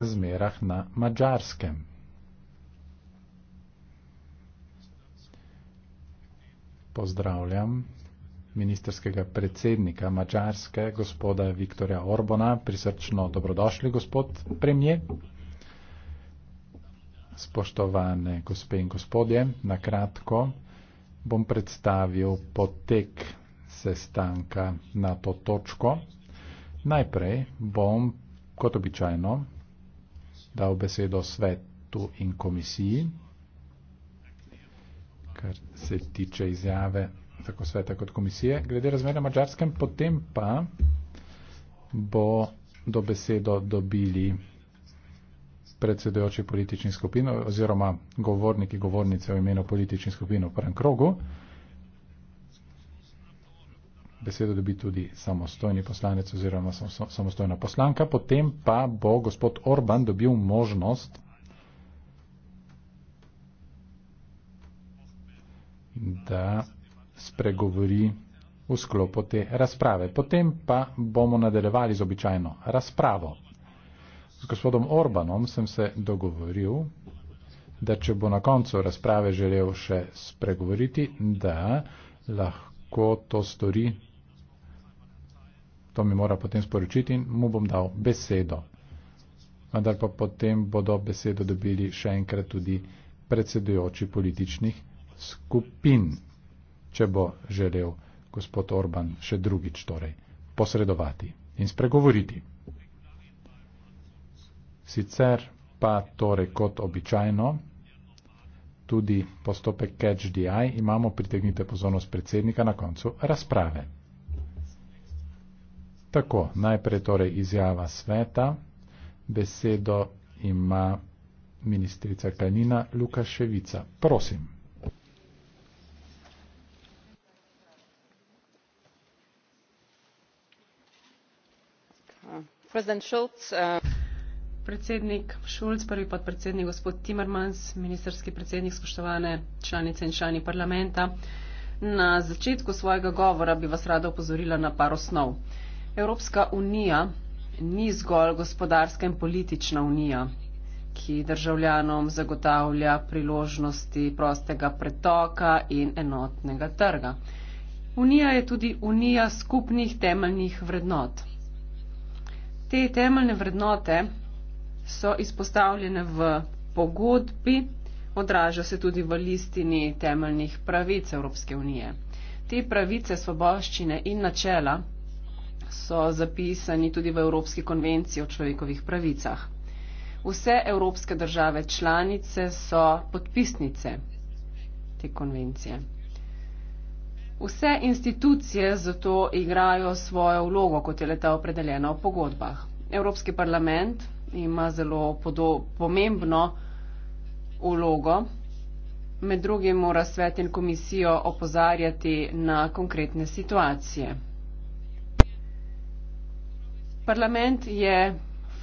razmerah na mačarskem. Pozdravljam ministerskega predsednika mačarske gospoda Viktorja Orbona. Prisrčno dobrodošli, gospod premije. Spoštovane gospe in gospodje, na kratko bom predstavil potek sestanka na to točko. Najprej bom, kot običajno, dal besedo svetu in komisiji, kar se tiče izjave tako sveta kot komisije. Glede razmerja na mačarskem, potem pa bo do besedo dobili predsedojoči političnih skupin oziroma govorniki, govornice v imenu političnih skupin v prvem krogu besedo dobi tudi samostojni poslanec oziroma samostojna poslanka, potem pa bo gospod Orban dobil možnost da spregovori v sklopu te razprave. Potem pa bomo nadaljevali z običajno razpravo. Z gospodom Orbanom sem se dogovoril, da če bo na koncu razprave želel še spregovoriti, da lahko ko to stori, to mi mora potem sporočiti in mu bom dal besedo. Vendar pa potem bodo besedo dobili še enkrat tudi predsedujoči političnih skupin, če bo želel gospod Orban še drugič torej posredovati in spregovoriti. Sicer pa torej kot običajno, tudi postopek Catch the Eye, imamo pritegnite pozornost predsednika na koncu razprave. Tako, najprej torej izjava sveta, besedo ima ministrica Kanina Lukaševica. Prosim. President Schultz, uh... Eh, predsednik Šulc, prvi podpredsednik gospod Timmermans, ministerski predsednik, spoštovane članice in člani parlamenta. Na začetku svojega govora bi vas rada opozorila na par osnov. Evropska unija ni zgolj gospodarska in politična unija, ki državljanom zagotavlja priložnosti prostega pretoka in enotnega trga. Unija je tudi unija skupnih temeljnih vrednot. Te temeljne vrednote so izpostavljene v pogodbi, odraža se tudi v listini temeljnih pravic Evropske unije. Te pravice, svoboščine in načela so zapisani tudi v Evropski konvenciji o človekovih pravicah. Vse evropske države članice so podpisnice te konvencije. Vse institucije zato igrajo svojo vlogo, kot je leta opredeljena v pogodbah. Evropski parlament ima zelo podo, pomembno ulogo. Med drugim mora svet in komisijo opozarjati na konkretne situacije. Parlament je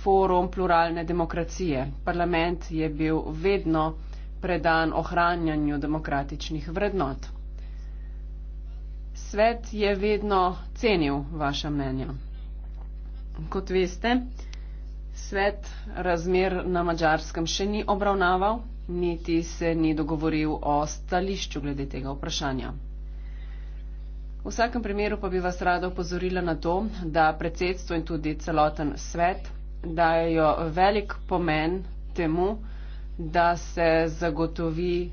forum pluralne demokracije. Parlament je bil vedno predan ohranjanju demokratičnih vrednot. Svet je vedno cenil vaša mnenja. Kot veste, Svet razmer na mačarskem še ni obravnaval, niti se ni dogovoril o stališču glede tega vprašanja. V vsakem primeru pa bi vas rada upozorila na to, da predsedstvo in tudi celoten svet dajo velik pomen temu, da se zagotovi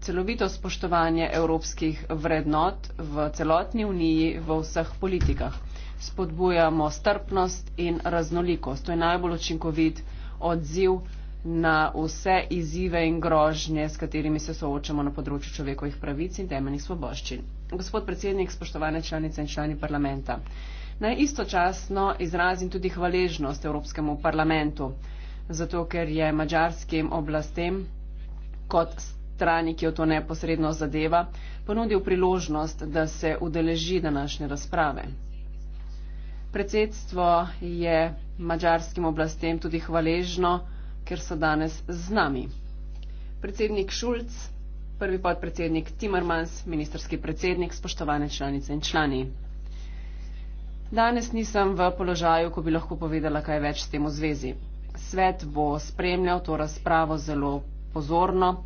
celovito spoštovanje evropskih vrednot v celotni uniji v vseh politikah spodbujamo strpnost in raznolikost. To je najbolj učinkovit odziv na vse izzive in grožnje, s katerimi se soočamo na področju človekovih pravic in temeljnih svoboščin. Gospod predsednik, spoštovane članice in člani parlamenta, naj istočasno izrazim tudi hvaležnost Evropskemu parlamentu, zato ker je mađarskim oblastem kot strani, ki jo to neposredno zadeva, ponudil priložnost, da se udeleži današnje razprave. Predsedstvo je mačarskim oblastem tudi hvaležno, ker so danes z nami. Predsednik Šulc, prvi podpredsednik Timmermans, ministerski predsednik, spoštovane članice in člani. Danes nisem v položaju, ko bi lahko povedala kaj več s tem v zvezi. Svet bo spremljal to razpravo zelo pozorno,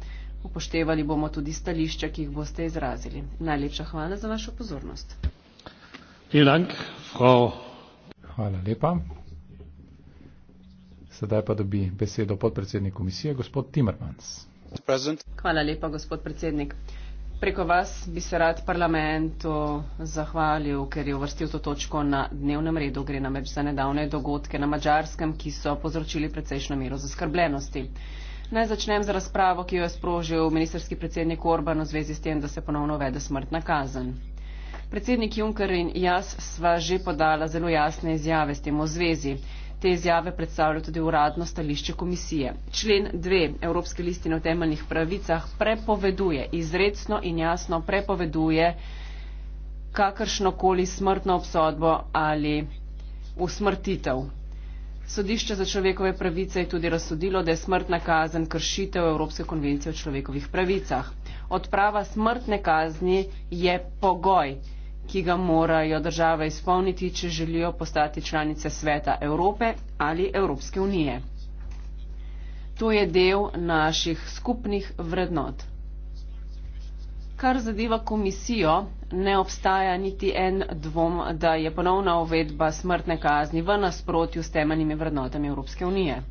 upoštevali bomo tudi stališča, ki jih boste izrazili. Najlepša hvala za vašo pozornost. Vielen Dank, Frau Hvala lepa. Sedaj pa dobi besedo podpredsednik komisije, gospod Timmermans. Hvala lepa, gospod predsednik. Preko vas bi se rad parlamentu zahvalil, ker je uvrstil to točko na dnevnem redu. Gre namreč za nedavne dogodke na Mačarskem, ki so povzročili precejšno mero zaskrbljenosti. Naj začnem z razpravo, ki jo je sprožil ministerski predsednik Orban v zvezi s tem, da se ponovno uvede smrtna kazen. Predsednik Juncker in jaz sva že podala zelo jasne izjave s tem v zvezi. Te izjave predstavlja tudi uradno stališče komisije. Člen 2 Evropske listine o temeljnih pravicah prepoveduje, izredno in jasno prepoveduje kakršnokoli smrtno obsodbo ali usmrtitev. Sodišče za človekove pravice je tudi razsodilo, da je smrtna kazen kršitev Evropske konvencije o človekovih pravicah. Odprava smrtne kazni je pogoj ki ga morajo države izpolniti, če želijo postati članice sveta Evrope ali Evropske unije. To je del naših skupnih vrednot. Kar zadeva komisijo, ne obstaja niti en dvom, da je ponovna uvedba smrtne kazni v nasprotju s temeljnimi vrednotami Evropske unije.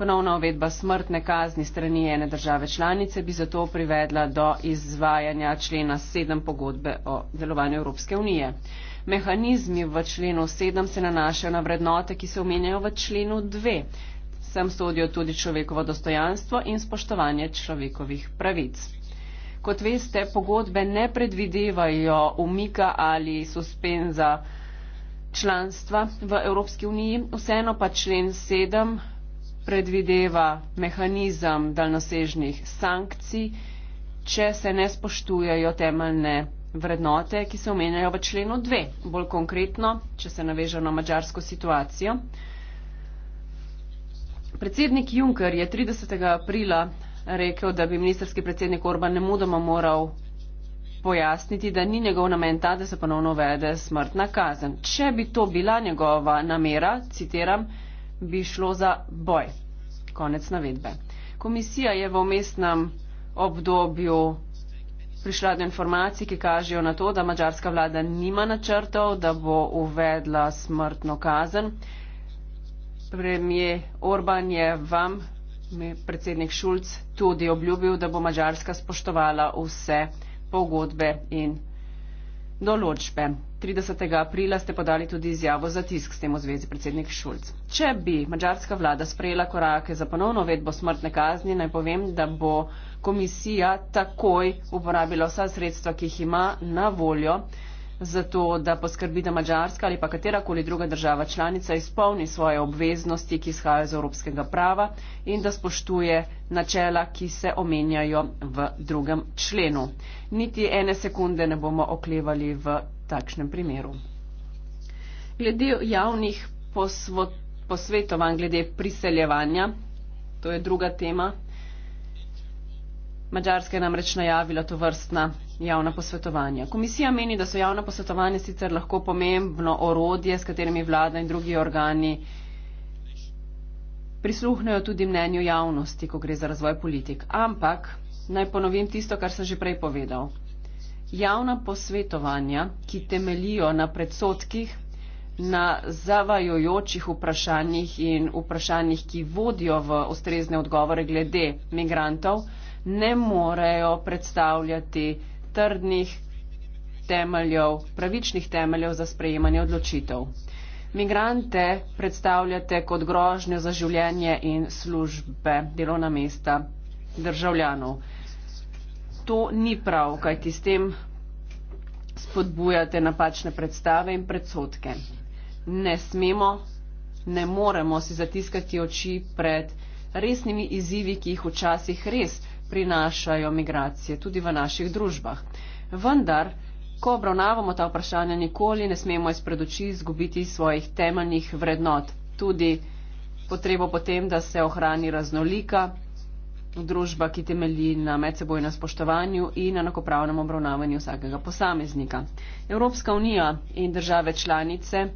Ponovna uvedba smrtne kazni strani ene države članice bi zato privedla do izvajanja člena 7 pogodbe o delovanju Evropske unije. Mehanizmi v členu 7 se nanašajo na vrednote, ki se omenjajo v členu 2. Sem sodijo tudi človekovo dostojanstvo in spoštovanje človekovih pravic. Kot veste, pogodbe ne predvidevajo umika ali suspenza članstva v Evropski uniji, vseeno pa člen 7 predvideva mehanizem daljnosežnih sankcij, če se ne spoštujejo temeljne vrednote, ki se omenjajo v členu 2. Bolj konkretno, če se naveža na mačarsko situacijo. Predsednik Juncker je 30. aprila rekel, da bi ministerski predsednik Orban ne mudoma moral pojasniti, da ni njegov namen ta, da se ponovno vede smrtna kazen. Če bi to bila njegova namera, citiram, bi šlo za boj. Konec navedbe. Komisija je v omestnem obdobju prišla do informacij, ki kažejo na to, da mačarska vlada nima načrtov, da bo uvedla smrtno kazen. Premijer Orban je vam, predsednik Šulc, tudi obljubil, da bo mačarska spoštovala vse pogodbe in določbe. 30. aprila ste podali tudi izjavo za tisk s tem v zvezi predsednik Šulc. Če bi mađarska vlada sprejela korake za ponovno uvedbo smrtne kazni, naj povem, da bo komisija takoj uporabila vsa sredstva, ki jih ima na voljo za to, da poskrbi, da Mađarska ali pa katerakoli druga država članica izpolni svoje obveznosti, ki izhajajo iz evropskega prava in da spoštuje načela, ki se omenjajo v drugem členu. Niti ene sekunde ne bomo oklevali v takšnem primeru. Glede javnih posvo, posvetovanj, glede priseljevanja, to je druga tema. Mačarska je namreč najavila to vrstna javna posvetovanja. Komisija meni, da so javna posvetovanja sicer lahko pomembno orodje, s katerimi vlada in drugi organi prisluhnejo tudi mnenju javnosti, ko gre za razvoj politik. Ampak naj ponovim tisto, kar sem že prej povedal. Javna posvetovanja, ki temelijo na predsotkih, na zavajojočih vprašanjih in vprašanjih, ki vodijo v ustrezne odgovore glede migrantov, ne morejo predstavljati trdnih temeljev, pravičnih temeljev za sprejemanje odločitev. Migrante predstavljate kot grožnjo za življenje in službe, delovna mesta državljanov. To ni prav, kajti s tem spodbujate napačne predstave in predsotke. Ne smemo, ne moremo si zatiskati oči pred resnimi izzivi, ki jih včasih res prinašajo migracije tudi v naših družbah. Vendar, ko obravnavamo ta vprašanja, nikoli ne smemo izpred oči izgubiti svojih temeljnih vrednot, tudi potrebo potem, da se ohrani raznolika družba, ki temelji na medsebojnem spoštovanju in enakopravnem obravnavanju vsakega posameznika. Evropska unija in države članice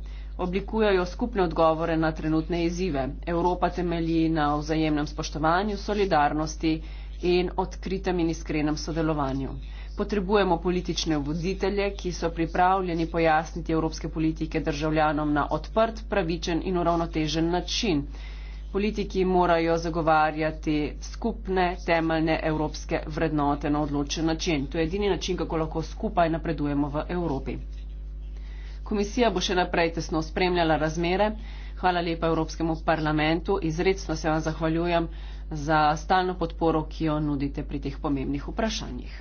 oblikujejo skupne odgovore na trenutne izzive. Evropa temelji na vzajemnem spoštovanju, solidarnosti, in odkritem in iskrenem sodelovanju. Potrebujemo politične voditelje, ki so pripravljeni pojasniti evropske politike državljanom na odprt, pravičen in uravnotežen način. Politiki morajo zagovarjati skupne temeljne evropske vrednote na odločen način. To je edini način, kako lahko skupaj napredujemo v Evropi. Komisija bo še naprej tesno spremljala razmere. Hvala lepa Evropskemu parlamentu. Izredno se vam zahvaljujem za stalno podporo, ki jo nudite pri teh pomembnih vprašanjih.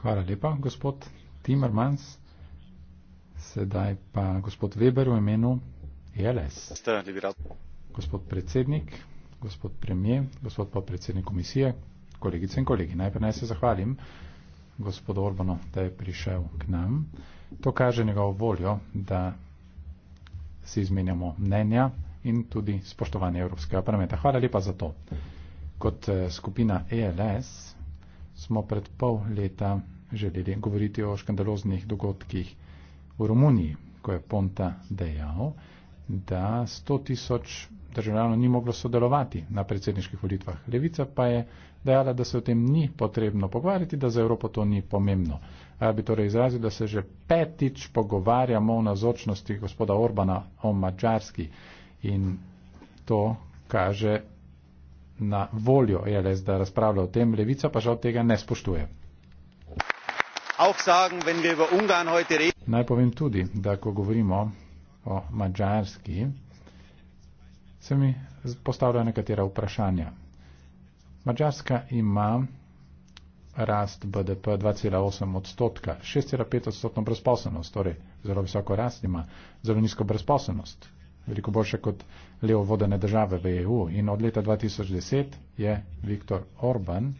Hvala lepa, gospod Timmermans. Sedaj pa gospod Weber v imenu ELS. Gospod predsednik, gospod premije, gospod pa predsednik komisije, kolegice in kolegi. Najprej naj se zahvalim gospod Orbano, da je prišel k nam. To kaže njegovo voljo, da si izmenjamo mnenja in tudi spoštovanje Evropskega parlamenta. Hvala lepa za to. Kot eh, skupina ELS smo pred pol leta želeli govoriti o škandaloznih dogodkih v Romuniji, ko je Ponta dejal, da 100 tisoč državljanov ni moglo sodelovati na predsedniških volitvah. Levica pa je dejala, da se o tem ni potrebno pogovarjati, da za Evropo to ni pomembno. Ja bi torej izrazil, da se že petič pogovarjamo o nazočnosti gospoda Orbana o Mačarski in to kaže na voljo e LS, da razpravlja o tem. Levica pa žal tega ne spoštuje. Naj povem tudi, da ko govorimo o Mačarski, se mi postavljajo nekatera vprašanja. Mačarska ima rast BDP 2,8 odstotka, 6,5 odstotno brezposobnost, torej zelo visoko rast ima, zelo nizko brezposobnost, veliko boljše kot levo vodene države v EU. In od leta 2010 je Viktor Orban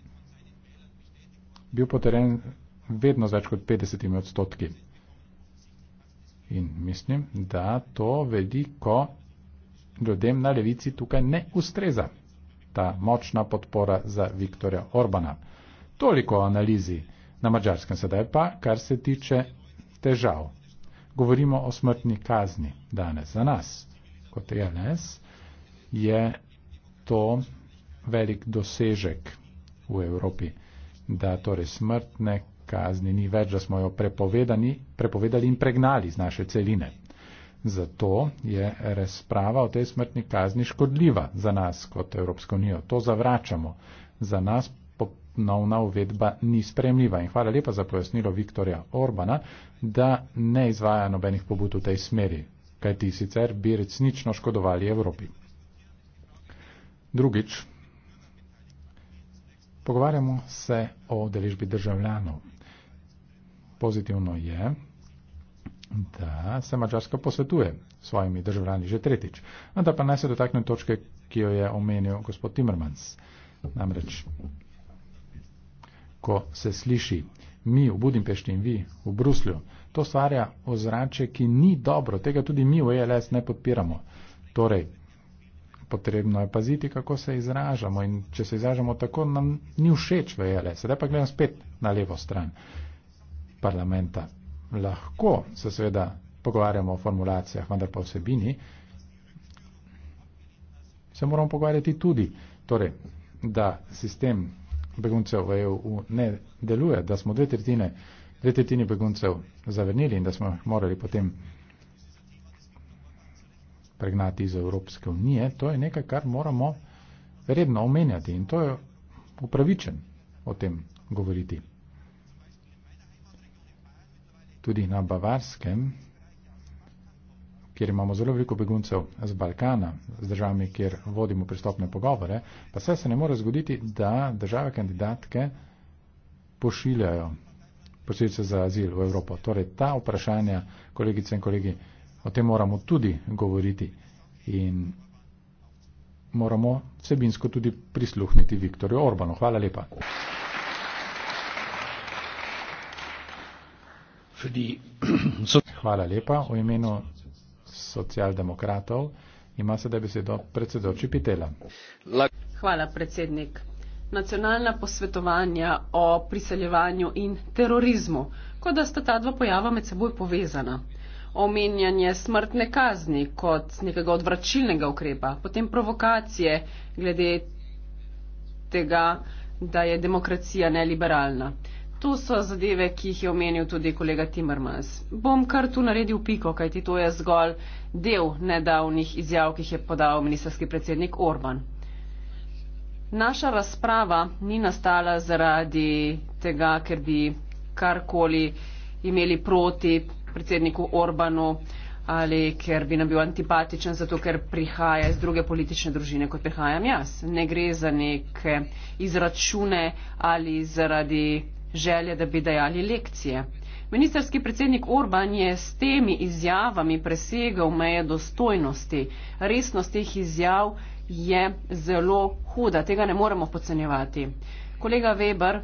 bil poteren vedno z več kot 50 odstotki. In mislim, da to veliko ljudem na levici tukaj ne ustreza. Ta močna podpora za Viktorja Orbana. Toliko o analizi na mačarskem sedaj pa, kar se tiče težav. Govorimo o smrtni kazni danes. Za nas, kot je danes, je to velik dosežek v Evropi, da torej smrtne kazni ni več, da smo jo prepovedali in pregnali z naše celine. Zato je razprava o tej smrtni kazni škodljiva za nas kot Evropsko unijo. To zavračamo. Za nas ponovna uvedba ni spremljiva. In hvala lepa za pojasnilo Viktorja Orbana, da ne izvaja nobenih pobud v tej smeri, kaj ti sicer bi resnično škodovali Evropi. Drugič, pogovarjamo se o deležbi državljanov pozitivno je, da se Mačarska posvetuje svojimi državljani že tretjič. Vendar pa naj se dotaknem točke, ki jo je omenil gospod Timmermans. Namreč, ko se sliši mi v Budimpešti in vi v Bruslju, to stvarja ozrače, ki ni dobro. Tega tudi mi v ELS ne podpiramo. Torej, potrebno je paziti, kako se izražamo in če se izražamo tako, nam ni všeč v ELS. Sedaj pa gledam spet na levo stran parlamenta. Lahko se seveda pogovarjamo o formulacijah, vendar pa vsebini se moramo pogovarjati tudi, torej, da sistem beguncev v EU ne deluje, da smo dve tretjine, dve tretjine beguncev zavrnili in da smo jih morali potem pregnati iz Evropske unije, to je nekaj, kar moramo redno omenjati in to je upravičen o tem govoriti tudi na Bavarskem, kjer imamo zelo veliko beguncev z Balkana, z državami, kjer vodimo pristopne pogovore, pa vse se ne more zgoditi, da države kandidatke pošiljajo posilce za azil v Evropo. Torej, ta vprašanja, kolegice in kolegi, o tem moramo tudi govoriti in moramo vsebinsko tudi prisluhniti Viktorju Orbanu. Hvala lepa. Hvala lepa. V imenu socialdemokratov ima sedaj besedo predsedoči Pitela. Hvala, predsednik. Nacionalna posvetovanja o priseljevanju in terorizmu, kot da sta ta dva pojava med seboj povezana. Omenjanje smrtne kazni kot nekega odvračilnega ukrepa, potem provokacije glede tega, da je demokracija neliberalna. To so zadeve, ki jih je omenil tudi kolega Timmermans. Bom kar tu naredil piko, kajti to je zgolj del nedavnih izjav, ki jih je podal ministerski predsednik Orban. Naša razprava ni nastala zaradi tega, ker bi karkoli imeli proti predsedniku Orbanu ali ker bi nam bil antipatičen, zato ker prihaja iz druge politične družine, kot prihajam jaz. Ne gre za neke izračune ali zaradi želje, da bi dajali lekcije. Ministrski predsednik Orban je s temi izjavami presegal meje dostojnosti. Resnost teh izjav je zelo huda, tega ne moremo podcenjevati. Kolega Weber,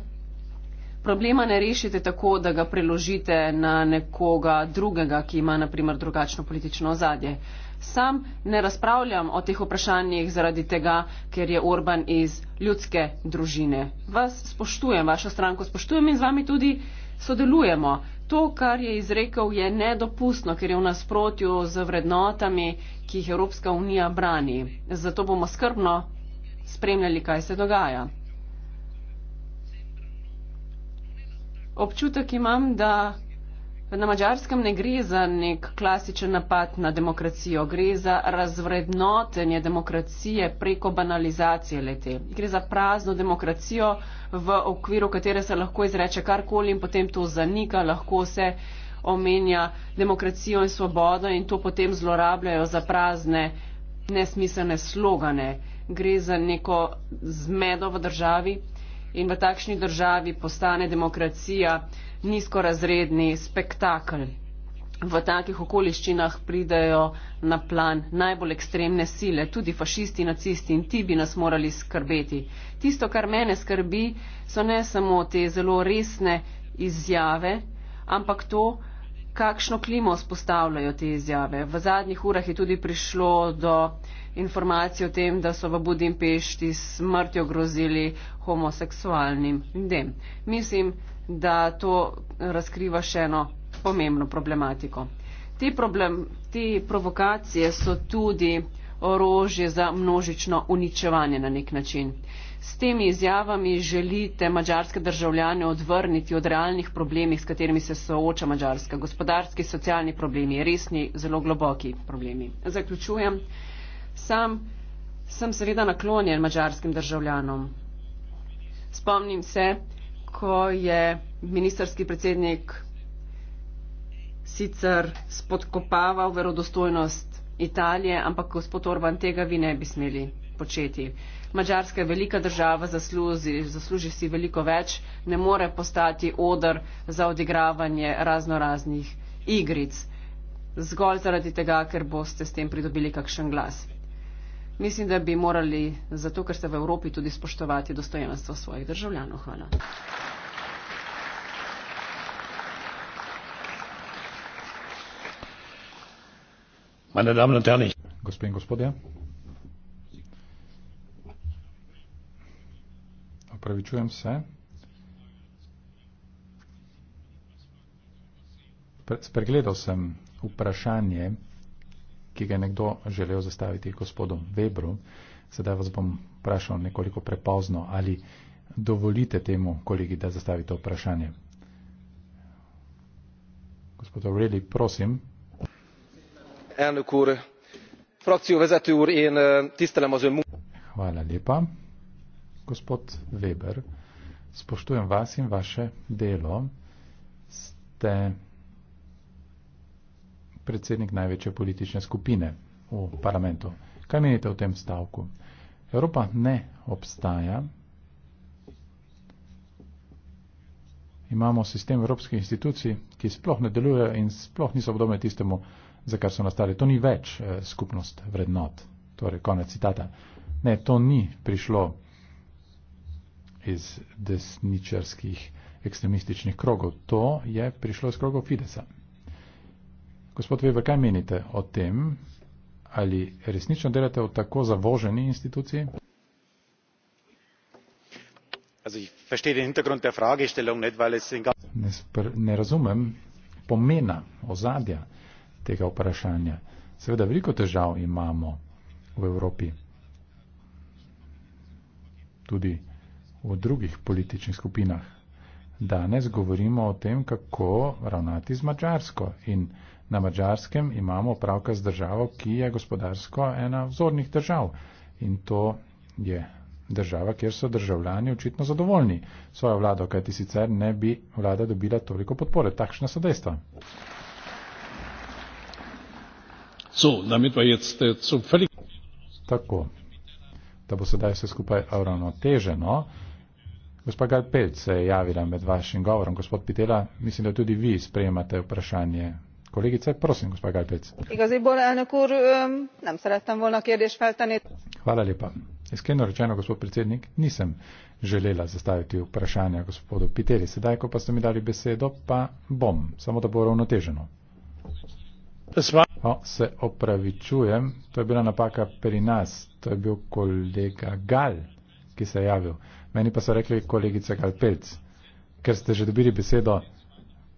problema ne rešite tako, da ga preložite na nekoga drugega, ki ima naprimer drugačno politično ozadje sam ne razpravljam o teh vprašanjih zaradi tega, ker je Orban iz ljudske družine. Vas spoštujem, vašo stranko spoštujem in z vami tudi sodelujemo. To, kar je izrekel, je nedopustno, ker je v nasprotju z vrednotami, ki jih Evropska unija brani. Zato bomo skrbno spremljali, kaj se dogaja. Občutek imam, da Na mačarskem ne gre za nek klasičen napad na demokracijo, gre za razvrednotenje demokracije preko banalizacije lete. Gre za prazno demokracijo, v okviru katere se lahko izreče karkoli in potem to zanika, lahko se omenja demokracijo in svobodo in to potem zlorabljajo za prazne, nesmiselne slogane. Gre za neko zmedo v državi in v takšni državi postane demokracija nizkorazredni spektakel. V takih okoliščinah pridejo na plan najbolj ekstremne sile, tudi fašisti, nacisti in ti bi nas morali skrbeti. Tisto, kar mene skrbi, so ne samo te zelo resne izjave, ampak to, kakšno klimo spostavljajo te izjave. V zadnjih urah je tudi prišlo do informacij o tem, da so v Budimpešti smrtjo grozili homoseksualnim ljudem. Mislim, da to razkriva še eno pomembno problematiko. Te, problem, te provokacije so tudi orožje za množično uničevanje na nek način. S temi izjavami želite mađarske državljane odvrniti od realnih problemih, s katerimi se sooča mađarska. Gospodarski, socialni problemi, resni, zelo globoki problemi. Zaključujem. Sam sem seveda naklonjen mađarskim državljanom. Spomnim se, ko je ministerski predsednik sicer spodkopaval verodostojnost Italije, ampak gospod Orban tega vi ne bi smeli početi. Mačarska je velika država, zasluži, zasluži si veliko več, ne more postati odr za odigravanje razno raznih igric, zgolj zaradi tega, ker boste s tem pridobili kakšen glas. Mislim, da bi morali, zato ker ste v Evropi, tudi spoštovati dostojenstvo svojih državljanov. Hvala. Gospe in gospodje. Opravičujem se. Spregledal sem vprašanje ki ga je nekdo želel zastaviti gospodom Webru. Sedaj vas bom vprašal nekoliko prepozno, ali dovolite temu kolegi, da zastavi to vprašanje. Gospod Aureli, prosim. Elnukur, frakcijo vezetur in tistelem ozem mu. Hvala lepa. Gospod Weber, spoštujem vas in vaše delo. Ste predsednik največje politične skupine v parlamentu. Kaj menite o tem stavku? Evropa ne obstaja. Imamo sistem evropskih institucij, ki sploh ne delujejo in sploh niso podobne tistemu, za kar so nastali. To ni več eh, skupnost vrednot. Torej, konec citata. Ne, to ni prišlo iz desničarskih ekstremističnih krogov. To je prišlo iz krogov Fidesa. Gospod Weber, kaj menite o tem? Ali resnično delate v tako zavoženi instituciji? Ne razumem pomena ozadja tega vprašanja. Seveda veliko težav imamo v Evropi, tudi v drugih političnih skupinah. Danes govorimo o tem, kako ravnati z Mačarsko in Na Mačarskem imamo opravka z državo, ki je gospodarsko ena vzornih držav. In to je država, kjer so državljani očitno zadovoljni svojo vlado, kajti sicer ne bi vlada dobila toliko podpore. Takšna so dejstva. Äh, so, völlig... Tako, da bo sedaj vse skupaj uravnoteženo. Gospa Galpelc se je javila med vašim govorom. Gospod Pitela, mislim, da tudi vi sprejemate vprašanje Kolegice, prosim, gospa Galpec. Igaziból, elnök úr, nem szerettem volna kérdést feltenni. Hvala lepa. Iskreno rečeno, gospod predsednik, nisem želela zastaviti vprašanja gospodu Piteri. Sedaj, ko pa ste mi dali besedo, pa bom, samo da bo ravnoteženo. O, no, se opravičujem, to je bila napaka pri nas, to je bil kolega Gal, ki se je javil. Meni pa so rekli kolegica Galpec, ker ste že dobili besedo,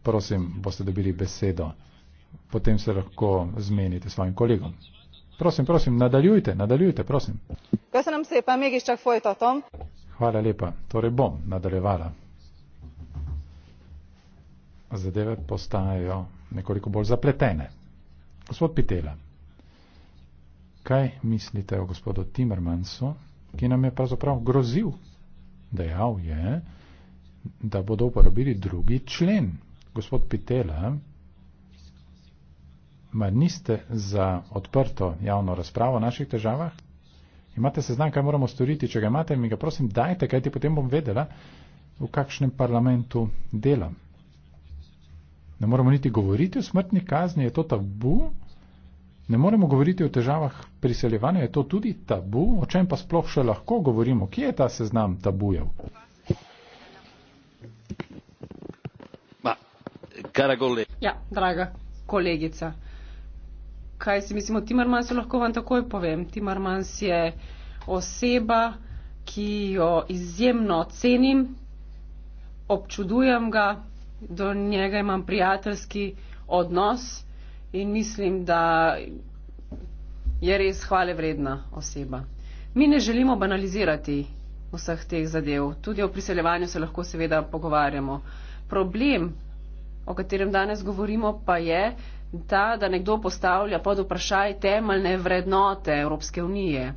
prosim, boste dobili besedo potem se lahko zmenite s svojim kolegom. Prosim, prosim, nadaljujte, nadaljujte, prosim. Köszönöm szépen, mégis csak folytatom. Hvala lepa, torej bom nadaljevala. Zadeve postajajo nekoliko bolj zapletene. Gospod Pitela, kaj mislite o gospodu Timmermansu, ki nam je pravzaprav grozil? Dejal je, da bodo uporabili drugi člen. Gospod Pitela, mar niste za odprto javno razpravo o naših težavah? Imate seznam, kaj moramo storiti, če ga imate, mi ga prosim dajte, kaj ti potem bom vedela, v kakšnem parlamentu delam. Ne moramo niti govoriti o smrtni kazni, je to tabu? Ne moremo govoriti o težavah priseljevanja, je to tudi tabu? O čem pa sploh še lahko govorimo? Kje je ta seznam tabujev? Ma, ja, draga kolegica kaj si mislimo, Timmermans lahko vam takoj povem. Timmermans je oseba, ki jo izjemno cenim, občudujem ga, do njega imam prijateljski odnos in mislim, da je res hvale vredna oseba. Mi ne želimo banalizirati vseh teh zadev. Tudi o priseljevanju se lahko seveda pogovarjamo. Problem, o katerem danes govorimo, pa je, ta, da nekdo postavlja pod vprašaj temeljne vrednote Evropske unije.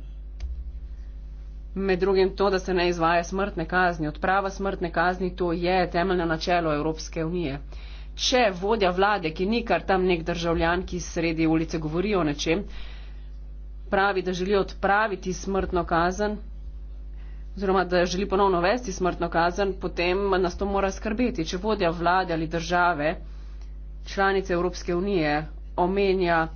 Med drugim to, da se ne izvaja smrtne kazni. Odprava smrtne kazni, to je temeljno načelo Evropske unije. Če vodja vlade, ki ni kar tam nek državljan, ki sredi ulice govori o nečem, pravi, da želi odpraviti smrtno kazen, oziroma da želi ponovno vesti smrtno kazen, potem nas to mora skrbeti. Če vodja vlade ali države, članice Evropske unije omenja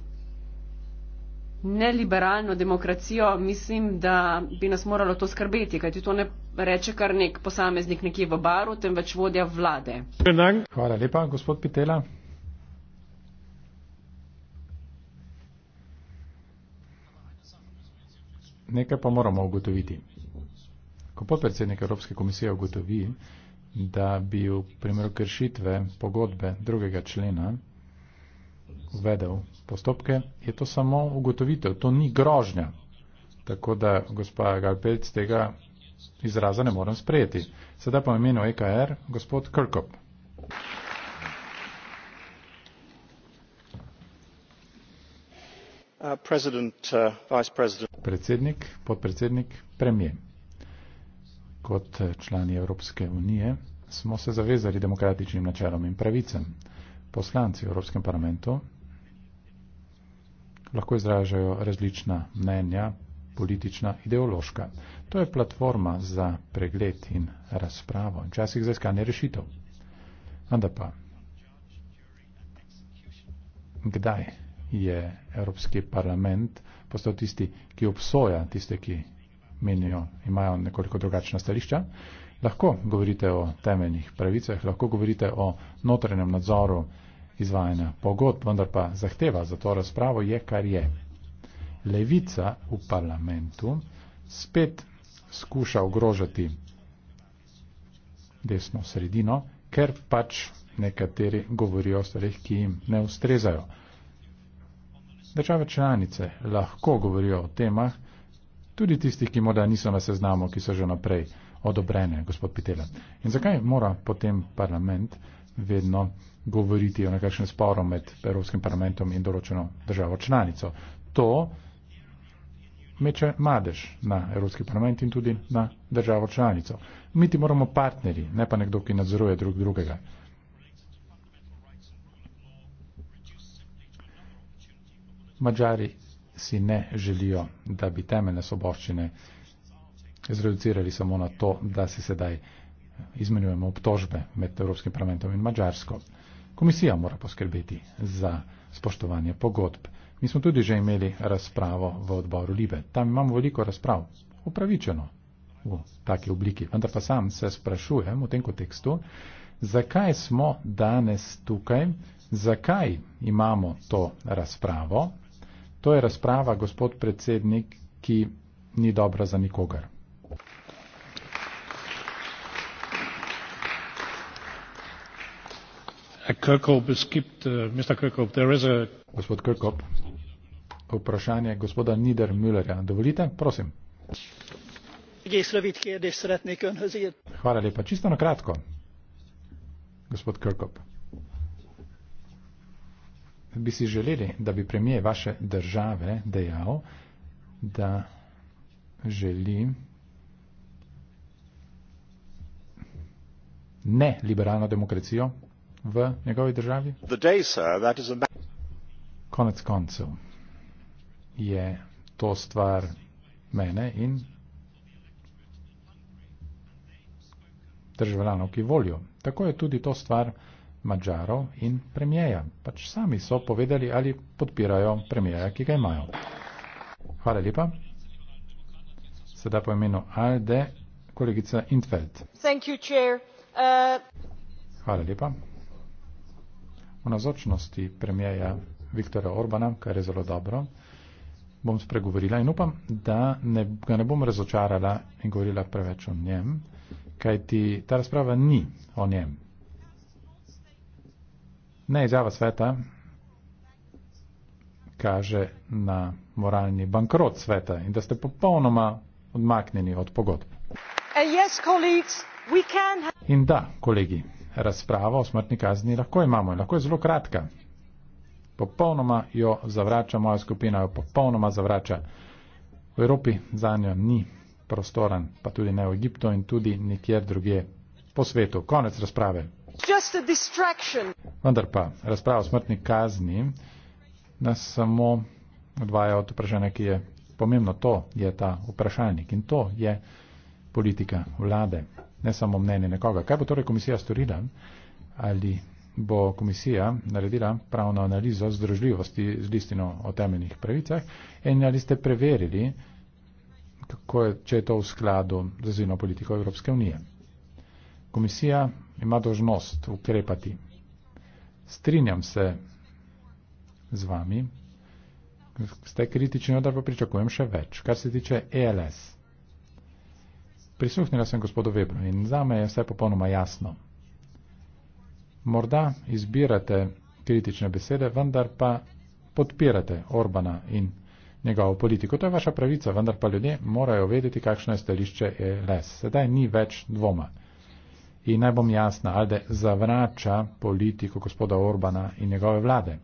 neliberalno demokracijo, mislim, da bi nas moralo to skrbeti, kajti to ne reče kar nek posameznik nekje v baru, temveč vodja vlade. Hvala lepa, gospod Pitela. Nekaj pa moramo ugotoviti. Ko podpredsednik Evropske komisije ugotovi, da bi v primeru kršitve pogodbe drugega člena uvedel postopke, je to samo ugotovitev, to ni grožnja. Tako da gospa Galpelc tega izraza ne morem sprejeti. Sedaj pa imenu EKR gospod Krkop. Uh, uh, predsednik, podpredsednik, premijer kot eh, člani Evropske unije smo se zavezali demokratičnim načelom in pravicem. Poslanci v Evropskem parlamentu lahko izražajo različna mnenja, politična, ideološka. To je platforma za pregled in razpravo, včasih za iskanje rešitev. Vendar pa, kdaj je Evropski parlament postal tisti, ki obsoja tiste, ki menijo, imajo nekoliko drugačna stališča. Lahko govorite o temeljnih pravicah, lahko govorite o notranjem nadzoru izvajanja pogod, vendar pa zahteva za to razpravo je, kar je. Levica v parlamentu spet skuša ogrožati desno sredino, ker pač nekateri govorijo o stvarih, ki jim ne ustrezajo. Države članice lahko govorijo o temah, tudi tistih, ki morda niso na seznamu, ki so že naprej odobrene, gospod Pitela. In zakaj mora potem parlament vedno govoriti o nekakšnem sporu med Evropskim parlamentom in določeno državo članico? To meče madež na Evropski parlament in tudi na državo članico. Mi ti moramo partnerji, ne pa nekdo, ki nadzoruje drug drugega. Mačari si ne želijo, da bi temeljne soboščine zreducirali samo na to, da se sedaj izmenjujemo obtožbe med Evropskim parlamentom in Mačarsko. Komisija mora poskrbeti za spoštovanje pogodb. Mi smo tudi že imeli razpravo v odboru Libe. Tam imamo veliko razprav, upravičeno v taki obliki. Vendar pa sam se sprašujem v tem kontekstu, zakaj smo danes tukaj, zakaj imamo to razpravo To je razprava, gospod predsednik, ki ni dobra za nikogar. Kirkhope is skipped. Uh, Mr. Kirkhope, there is a... Gospod Kirkhope, vprašanje gospoda Niedermüllerja. Dovolite, prosim. Hvala lepa. Čisto na kratko, gospod Kirkhope bi si želeli, da bi premije vaše države dejal, da želim ne liberalno demokracijo v njegovi državi? Day, sir, Konec koncev je to stvar mene in državljanov, ki volijo. Tako je tudi to stvar mene Mačarov in premijeja. Pač sami so povedali ali podpirajo premijeja, ki ga imajo. Hvala lepa. Sedaj po imenu Alde, kolegica Intfeld. Uh... Hvala lepa. V nazočnosti premijeja Viktora Orbana, kar je zelo dobro, bom spregovorila in upam, da ne, ga ne bom razočarala in govorila preveč o njem, kajti ta razprava ni o njem. Ne, izjava sveta kaže na moralni bankrot sveta in da ste popolnoma odmaknjeni od pogodb. Uh, in da, kolegi, razprava o smrtni kazni lahko imamo in lahko je zelo kratka. Popolnoma jo zavrača moja skupina, jo popolnoma zavrača. V Evropi za njo ni prostoran, pa tudi ne v Egiptu in tudi nikjer drugje po svetu. Konec razprave. Vendar pa razprava o smrtni kazni nas samo odvaja od vprašanja, ki je pomembno. To je ta vprašalnik in to je politika vlade, ne samo mnenje nekoga. Kaj bo torej komisija storila? Ali bo komisija naredila pravno analizo združljivosti z listino o temeljnih pravicah in ali ste preverili, kako je, če je to v skladu z zino politiko Evropske unije? Komisija ima dožnost ukrepati. Strinjam se z vami, ste kritični, da pa pričakujem še več. Kar se tiče ELS, prisluhnila sem gospodu Webru in za me je vse popolnoma jasno. Morda izbirate kritične besede, vendar pa podpirate Orbana in njegovo politiko. To je vaša pravica, vendar pa ljudje morajo vedeti, kakšno je stališče ELS. Sedaj ni več dvoma in naj bom jasna, Alde zavrača politiko gospoda Orbana in njegove vlade.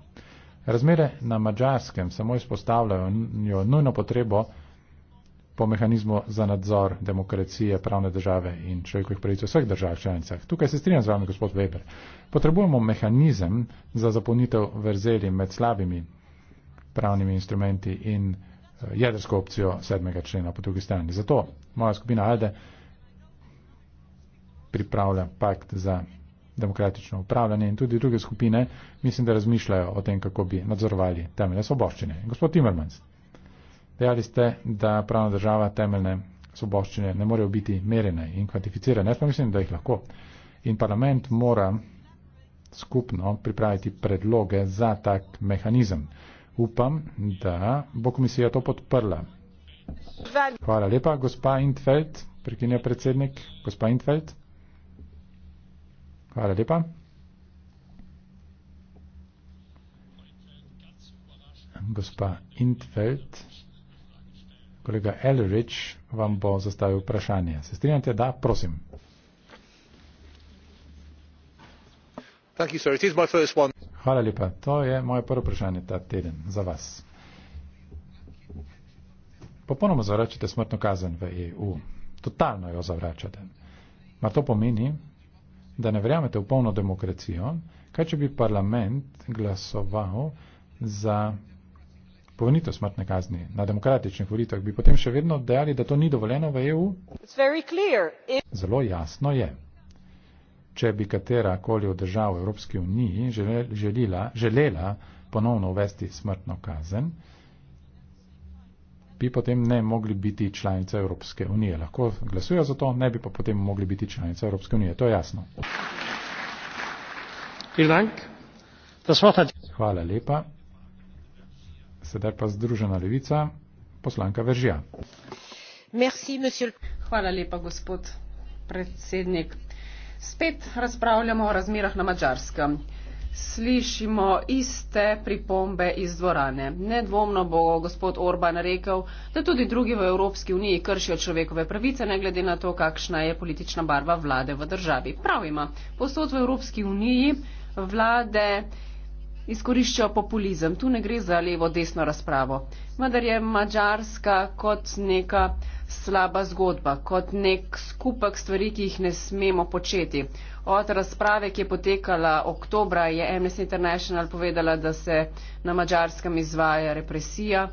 Razmere na mačarskem samo izpostavljajo nujno potrebo po mehanizmu za nadzor demokracije, pravne države in človekovih pravic v vseh državah članicah. Tukaj se strinjam z vami, gospod Weber. Potrebujemo mehanizem za zapolnitev verzeli med slabimi pravnimi instrumenti in eh, jedrsko opcijo sedmega člena po drugi strani. Zato moja skupina Alde pripravlja pakt za demokratično upravljanje in tudi druge skupine, mislim, da razmišljajo o tem, kako bi nadzorovali temeljne svoboščine. Gospod Timmermans, dejali ste, da pravna država temeljne svoboščine ne morejo biti merjene in kvantificirane. Jaz pa mislim, da jih lahko. In parlament mora skupno pripraviti predloge za tak mehanizem. Upam, da bo komisija to podprla. Hvala lepa, gospa Intfeld, prekinja predsednik, gospa Intfeld. Hvala lepa. Gospa Intveld, kolega Elrich vam bo zastavil vprašanje. Se strinjate, da? Prosim. Hvala lepa. To je moje prvo vprašanje ta teden za vas. Popolnoma zavračate smrtno kazen v EU. Totalno jo zavračate. Ma to pomeni, da ne verjamete v polno demokracijo, kaj če bi parlament glasoval za povenitev smrtne kazni na demokratičnih volitvah, bi potem še vedno dejali, da to ni dovoljeno v EU? Zelo jasno je. Če bi katera koli od držav v Evropski uniji želela, želela ponovno uvesti smrtno kazen, bi potem ne mogli biti članice Evropske unije. Lahko glasujejo za to, ne bi pa potem mogli biti članice Evropske unije. To je jasno. Hvala lepa. Sedaj pa Združena levica, poslanka Veržija. Hvala lepa, gospod predsednik. Spet razpravljamo o razmerah na Mačarskem slišimo iste pripombe iz dvorane. Nedvomno bo gospod Orban rekel, da tudi drugi v Evropski uniji kršijo človekove pravice, ne glede na to, kakšna je politična barva vlade v državi. Prav ima. Posod v Evropski uniji vlade izkoriščajo populizem. Tu ne gre za levo-desno razpravo. Vendar je Mačarska kot neka slaba zgodba, kot nek skupek stvari, ki jih ne smemo početi. Od razprave, ki je potekala oktobra, je Amnesty International povedala, da se na mačarskem izvaja represija.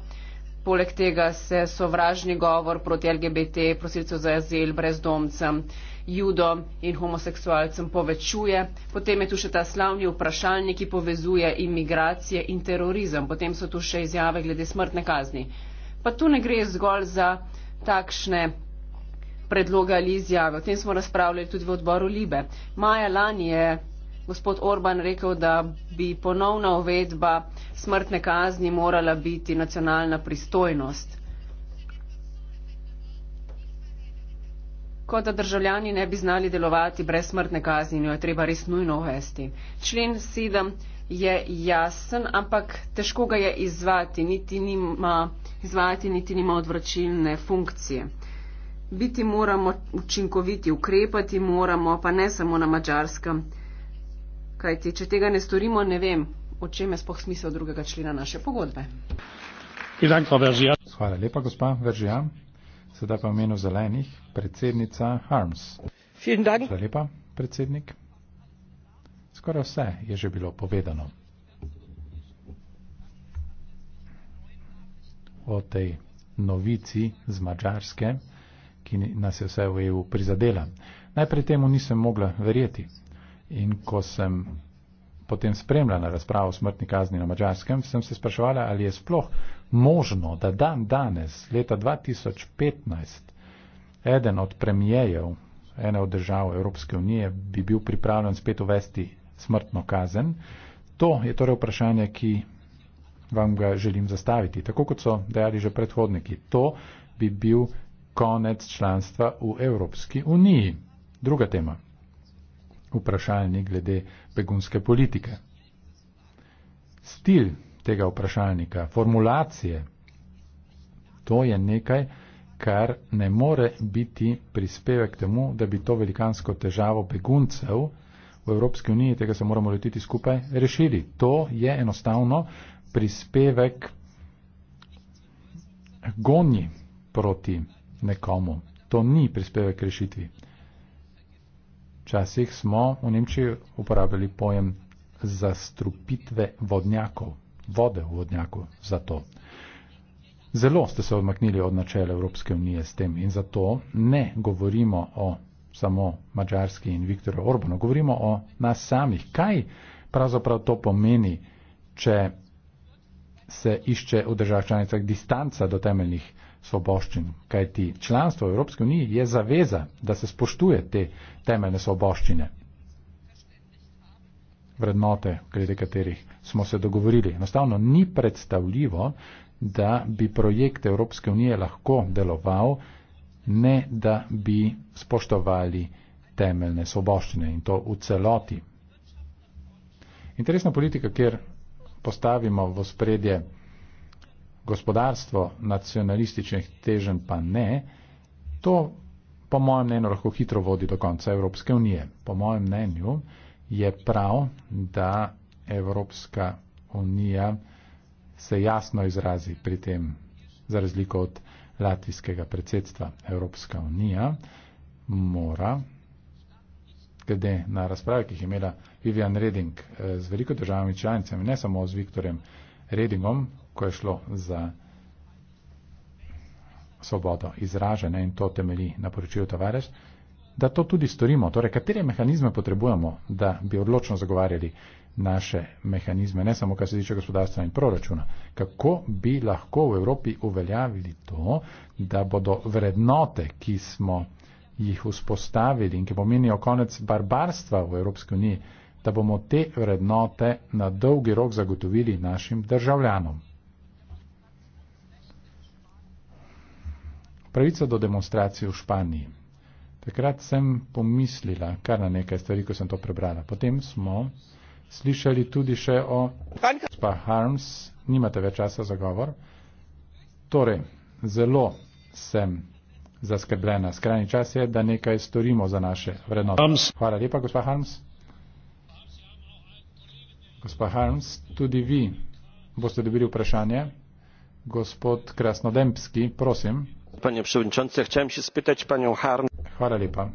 Poleg tega se sovražni govor proti LGBT, prosilcev za azil, brezdomcem, judom in homoseksualcem povečuje. Potem je tu še ta slavni vprašalnik, ki povezuje imigracije in terorizem. Potem so tu še izjave glede smrtne kazni. Pa tu ne gre zgolj za takšne predloge ali izjave. O tem smo razpravljali tudi v odboru Libe. Maja lani je gospod Orban rekel, da bi ponovna uvedba smrtne kazni morala biti nacionalna pristojnost. Kot da državljani ne bi znali delovati brez smrtne kazni, jo je treba res nujno uvesti. Člen 7 je jasen, ampak težko ga je izvati, niti nima. Ni izvajati niti nima odvračilne funkcije. Biti moramo učinkoviti, ukrepati moramo, pa ne samo na mačarskem. Kajti, če tega ne storimo, ne vem, o čem je spoh smisel drugega člena naše pogodbe. Hvala lepa, gospa Veržija. Sedaj pa v imenu zelenih, predsednica Harms. Hvala lepa, predsednik. Skoraj vse je že bilo povedano. o tej novici z Mačarske, ki nas je vse v EU prizadela. Najprej temu nisem mogla verjeti in ko sem potem spremljala razpravo o smrtni kazni na Mačarskem, sem se spraševala, ali je sploh možno, da dan danes, leta 2015, eden od premijejev ene od držav Evropske unije bi bil pripravljen spet uvesti smrtno kazen. To je torej vprašanje, ki vam ga želim zastaviti. Tako kot so dejali že predhodniki, to bi bil konec članstva v Evropski uniji. Druga tema. Vprašalnik glede begunske politike. Stil tega vprašalnika, formulacije, to je nekaj, kar ne more biti prispevek temu, da bi to velikansko težavo beguncev v Evropski uniji, tega se moramo letiti skupaj, rešili. To je enostavno prispevek goni proti nekomu. To ni prispevek k rešitvi. Včasih smo v Nemčiji uporabljali pojem zastrupitve vodnjakov, vode v vodnjaku za to. Zelo ste se odmaknili od načela Evropske unije s tem in zato ne govorimo o samo Mačarski in Viktorju Orbanu, govorimo o nas samih. Kaj pravzaprav to pomeni, če se išče v državah članicah distanca do temeljnih svoboščin. Kajti članstvo v Evropski uniji je zaveza, da se spoštuje te temeljne svoboščine, vrednote, glede katerih smo se dogovorili. Enostavno ni predstavljivo, da bi projekt Evropske unije lahko deloval, ne da bi spoštovali temeljne svoboščine in to v celoti. Interesna politika, kjer postavimo v spredje gospodarstvo nacionalističnih težen pa ne, to po mojem mnenju lahko hitro vodi do konca Evropske unije. Po mojem mnenju je prav, da Evropska unija se jasno izrazi pri tem, za razliko od latvijskega predsedstva. Evropska unija mora glede na razprave, ki jih je imela Vivian Reding eh, z veliko državami članicami, ne samo z Viktorjem Redingom, ko je šlo za svobodo izražene in to temelji na poročilu tovareš, da to tudi storimo. Torej, katere mehanizme potrebujemo, da bi odločno zagovarjali naše mehanizme, ne samo kar se tiče gospodarstva in proračuna. Kako bi lahko v Evropi uveljavili to, da bodo vrednote, ki smo jih vzpostavili in ki pomenijo konec barbarstva v Evropski uniji, da bomo te vrednote na dolgi rok zagotovili našim državljanom. Pravica do demonstracije v Španiji. Takrat sem pomislila kar na nekaj stvari, ko sem to prebrala. Potem smo slišali tudi še o Spa Harms. Nimate več časa za govor. Torej, zelo sem zaskrbljena. Skrajni čas je, da nekaj storimo za naše vrednote. Hvala lepa, gospod Harms. Gospod Harms, tudi vi boste dobili vprašanje. Gospod Krasnodempski, prosim. Panie przewodniczący, chciałem się spytać panią Harms. Hvala lepa,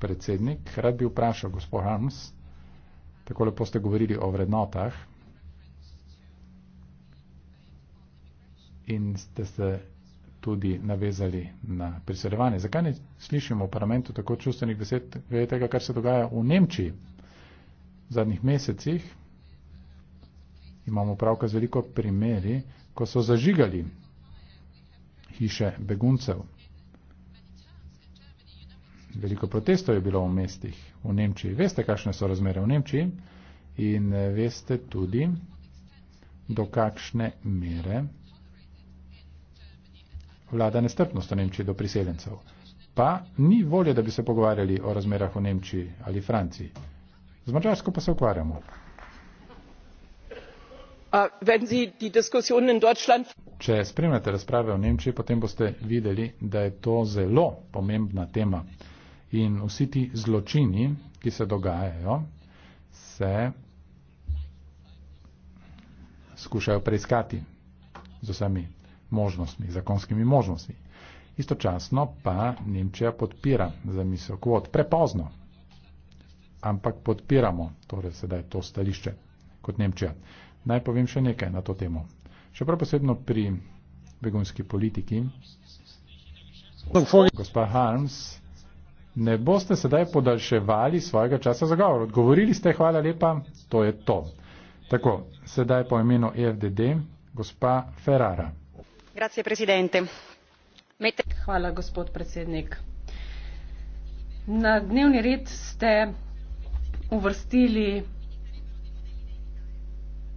predsednik. Rad bi vprašal, gospod Harms, tako lepo ste govorili o vrednotah in ste se tudi navezali na priseljevanje. Zakaj ne slišimo v parlamentu tako čustvenih besed glede tega, kar se dogaja v Nemčiji v zadnjih mesecih? Imamo pravka z veliko primeri, ko so zažigali hiše beguncev. Veliko protestov je bilo v mestih v Nemčiji. Veste, kakšne so razmere v Nemčiji in eh, veste tudi, do kakšne mere vlada nestrpnost v Nemčiji do priseljencev. Pa ni volje, da bi se pogovarjali o razmerah v Nemčiji ali Franciji. Z Mačarsko pa se ukvarjamo. Če spremljate razprave v Nemčiji, potem boste videli, da je to zelo pomembna tema. In vsi ti zločini, ki se dogajajo, se skušajo preiskati z vsemi možnostmi, zakonskimi možnostmi. Istočasno pa Nemčija podpira zamisel kvot prepozno, ampak podpiramo torej sedaj to stališče kot Nemčija. Naj povem še nekaj na to temo. Še prav posebno pri begunski politiki. Gospa Harms, ne boste sedaj podaljševali svojega časa za govor. Odgovorili ste, hvala lepa, to je to. Tako, sedaj po imenu EFDD, gospa Ferrara na dnevni red ste uvrstili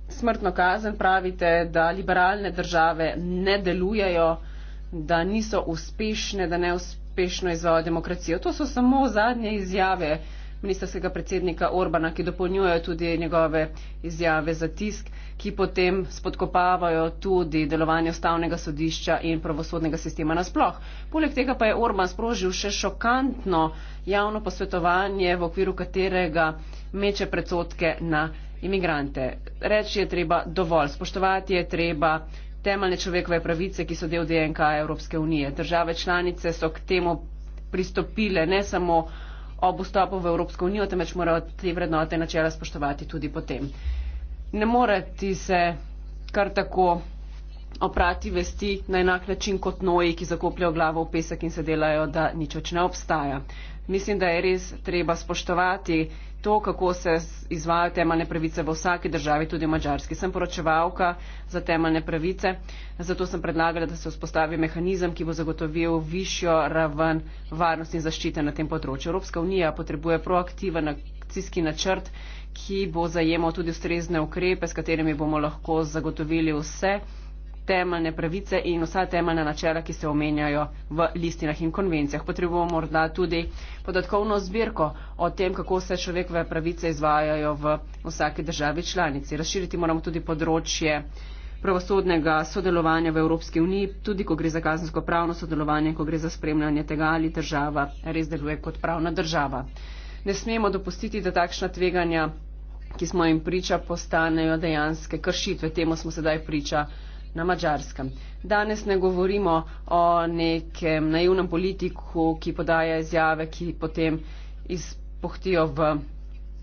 smrtno kazen pravite da liberalne države ne delujejo da niso uspešne da neuspešno izvajajo demokracijo to so samo zadnje izjave ministerskega predsednika Orbana, ki dopolnjujejo tudi njegove izjave za tisk, ki potem spodkopavajo tudi delovanje ustavnega sodišča in pravosodnega sistema nasploh. Poleg tega pa je Orban sprožil še šokantno javno posvetovanje, v okviru katerega meče predsotke na imigrante. Reči je treba dovolj, spoštovati je treba temeljne človekove pravice, ki so del DNK Evropske unije. Države članice so k temu pristopile ne samo ob vstopu v Evropsko unijo, temveč morajo te vrednote načela spoštovati tudi potem. Ne more ti se kar tako oprati vesti na enak način kot noji, ki zakopljajo glavo v pesek in se delajo, da nič več ne obstaja. Mislim, da je res treba spoštovati to, kako se izvajo temeljne pravice v vsaki državi, tudi v Mačarski. Sem poročevalka za temeljne pravice, zato sem predlagala, da se vzpostavi mehanizem, ki bo zagotovil višjo raven varnosti in zaščite na tem področju. Evropska unija potrebuje proaktiven akcijski načrt, ki bo zajemal tudi ustrezne ukrepe, s katerimi bomo lahko zagotovili vse temeljne pravice in vsa temeljna načela, ki se omenjajo v listinah in konvencijah. Potrebujemo morda tudi podatkovno zbirko o tem, kako se človekove pravice izvajajo v vsaki državi članici. Razširiti moramo tudi področje pravosodnega sodelovanja v Evropski uniji, tudi ko gre za kazensko pravno sodelovanje, ko gre za spremljanje tega, ali država res deluje kot pravna država. Ne smemo dopustiti, da takšna tveganja, ki smo jim priča, postanejo dejanske kršitve. Temu smo sedaj priča na Mačarskem. Danes ne govorimo o nekem naivnem politiku, ki podaja izjave, ki potem izpohtijo v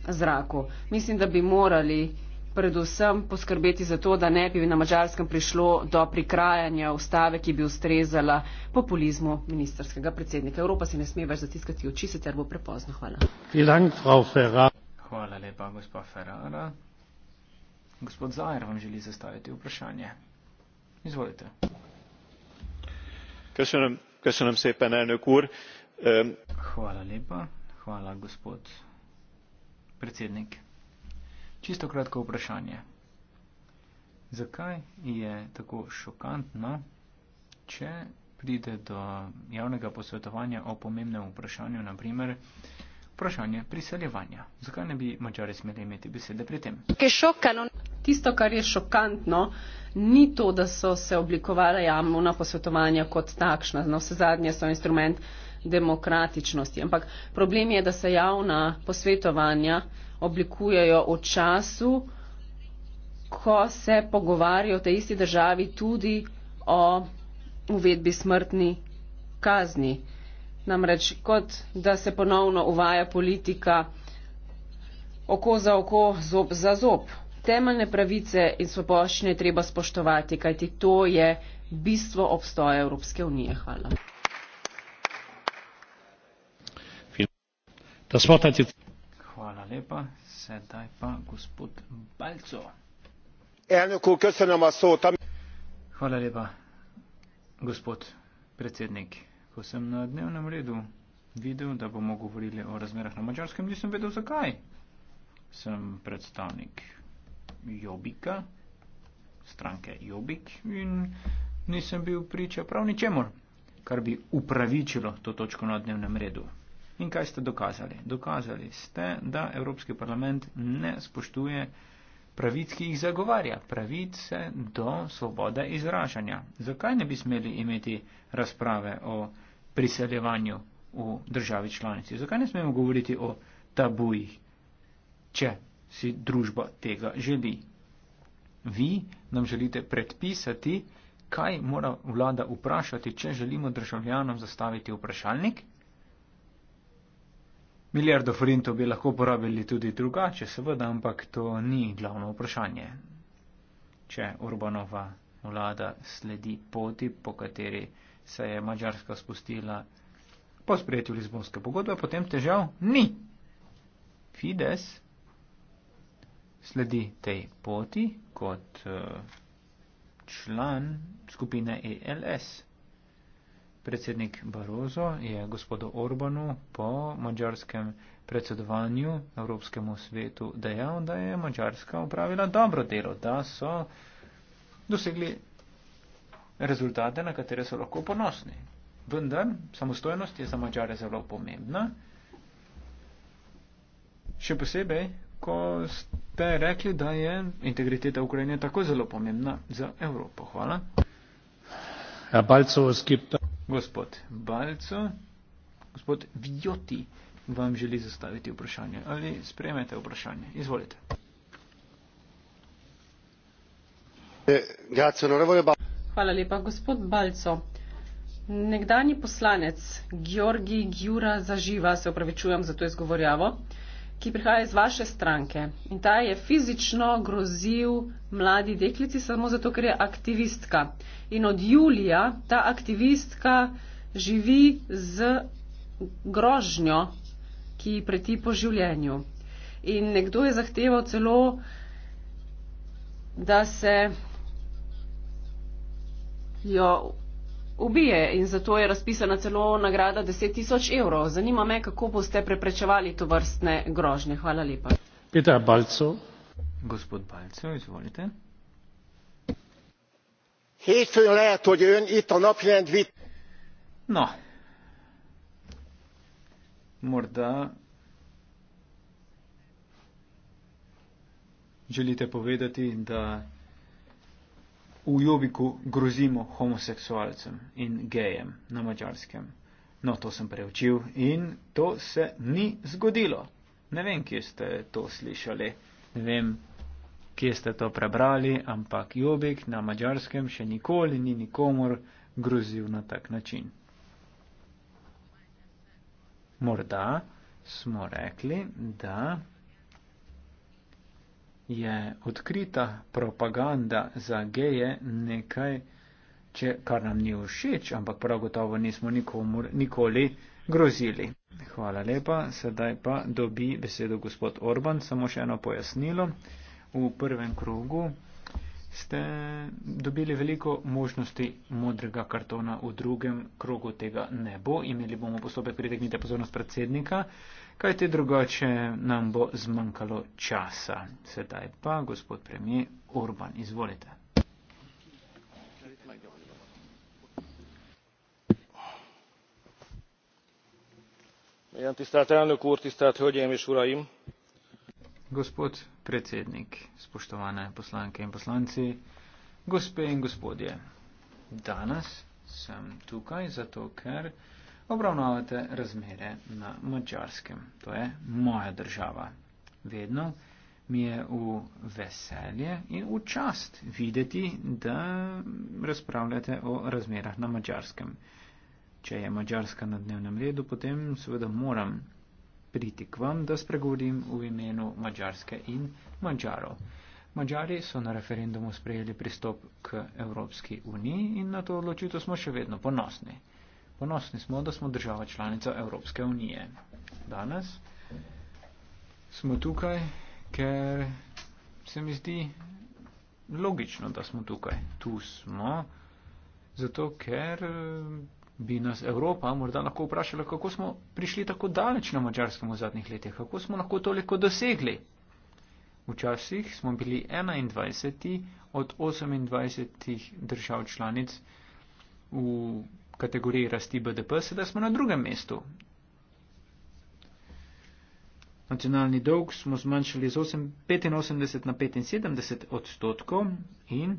zraku. Mislim, da bi morali predvsem poskrbeti za to, da ne bi na Mačarskem prišlo do prikrajanja ustave, ki bi ustrezala populizmu ministerskega predsednika. Evropa se ne sme več zatiskati oči, se ter bo prepozno. Hvala. Hvala lepa, gospod Ferrara. Gospod Zajer vam želi zastaviti vprašanje hvala lepa hvala gospod predsednik čisto kratko vprašanje zakaj je tako šokantno če pride do javnega posvetovanja o pomembnem vprašanju na primer vprašanje priseljevanja zakaj ne bi madžari smeli imeti besede pri tem Tisto, kar je šokantno, ni to, da so se oblikovala javna posvetovanja kot takšna, no, na vse zadnje so instrument demokratičnosti, ampak problem je, da se javna posvetovanja oblikujejo v času, ko se pogovarjajo v tej isti državi tudi o uvedbi smrtni kazni. Namreč, kot da se ponovno uvaja politika oko za oko, zob za zob temeljne pravice in svoboščine treba spoštovati, kajti to je bistvo obstoja Evropske unije. Hvala. Hvala lepa. Sedaj pa gospod Balco. Hvala lepa, gospod predsednik. Ko sem na dnevnem redu videl, da bomo govorili o razmerah na mačarskem, nisem vedel zakaj. Sem predstavnik Jobika, stranke Jobik, in nisem bil priča prav ničemor, kar bi upravičilo to točko na dnevnem redu. In kaj ste dokazali? Dokazali ste, da Evropski parlament ne spoštuje pravic, ki jih zagovarja, pravice do svobode izražanja. Zakaj ne bi smeli imeti razprave o priseljevanju v državi članici? Zakaj ne smemo govoriti o tabujih, če si družba tega želi. Vi nam želite predpisati, kaj mora vlada vprašati, če želimo državljanom zastaviti vprašalnik. Milijardo forintov bi lahko porabili tudi drugače, seveda, ampak to ni glavno vprašanje. Če Urbanova vlada sledi poti, po kateri se je Mačarska spustila po sprejetju Lizbonske pogodbe, potem težav ni. Fides sledi tej poti kot eh, član skupine ALS. Predsednik Barozo je gospodu Orbanu po mađarskem predsedovanju Evropskemu svetu dejal, da je Mačarska upravila dobro delo, da so dosegli rezultate, na katere so lahko ponosni. Vendar, samostojnost je za Mačare zelo pomembna. Še posebej ko ste rekli, da je integriteta Ukrajine tako zelo pomembna za Evropo. Hvala. Herr Balco, es gibt. Gospod Balco, gospod Vjoti vam želi zastaviti vprašanje ali sprejmete vprašanje. Izvolite. Eh, Hvala lepa, gospod Balco. Nekdani poslanec Georgi Gjura zaživa, se upravičujem za to izgovorjavo ki prihaja iz vaše stranke in ta je fizično grozil mladi deklici samo zato, ker je aktivistka. In od julija ta aktivistka živi z grožnjo, ki ji preti po življenju. In nekdo je zahteval celo, da se jo ubije in zato je razpisana celo nagrada 10 tisoč evrov. Zanima me, kako boste preprečevali to vrstne grožnje. Hvala lepa. Petar Balco. Gospod Balco, izvolite. Hétfőn lehet, hogy ön itt a napirend vit. Na, no. morda. Želite povedati, da v Jobiku grozimo homoseksualcem in gejem na mačarskem. No, to sem preučil in to se ni zgodilo. Ne vem, kje ste to slišali, ne vem, kje ste to prebrali, ampak Jobik na mačarskem še nikoli ni nikomor grozil na tak način. Morda smo rekli, da je odkrita propaganda za geje nekaj, če kar nam ni všeč, ampak prav gotovo nismo nikomor, nikoli grozili. Hvala lepa, sedaj pa dobi besedo gospod Orban, samo še eno pojasnilo. V prvem krogu ste dobili veliko možnosti modrega kartona, v drugem krogu tega ne bo. Imeli bomo postopek pritegnite pozornost predsednika kaj te drugače nam bo zmanjkalo časa. Sedaj pa, gospod premije Orban, izvolite. Gospod predsednik, spoštovane poslanke in poslanci, gospe in gospodje, danes sem tukaj zato, ker obravnavate razmere na mačarskem. To je moja država. Vedno mi je v veselje in v čast videti, da razpravljate o razmerah na mačarskem. Če je mačarska na dnevnem redu, potem seveda moram priti k vam, da spregovorim v imenu mačarske in mačarov. Mačari so na referendumu sprejeli pristop k Evropski uniji in na to odločitev smo še vedno ponosni. Ponosni smo, da smo država članica Evropske unije. Danes smo tukaj, ker se mi zdi logično, da smo tukaj. Tu smo, zato ker eh, bi nas Evropa morda lahko vprašala, kako smo prišli tako daleč na Mačarskem v zadnjih letih, kako smo lahko toliko dosegli. Včasih smo bili 21 od 28 držav članic v kategoriji rasti BDP, sedaj smo na drugem mestu. Nacionalni dolg smo zmanjšali z 8, 85 na 75 odstotkov in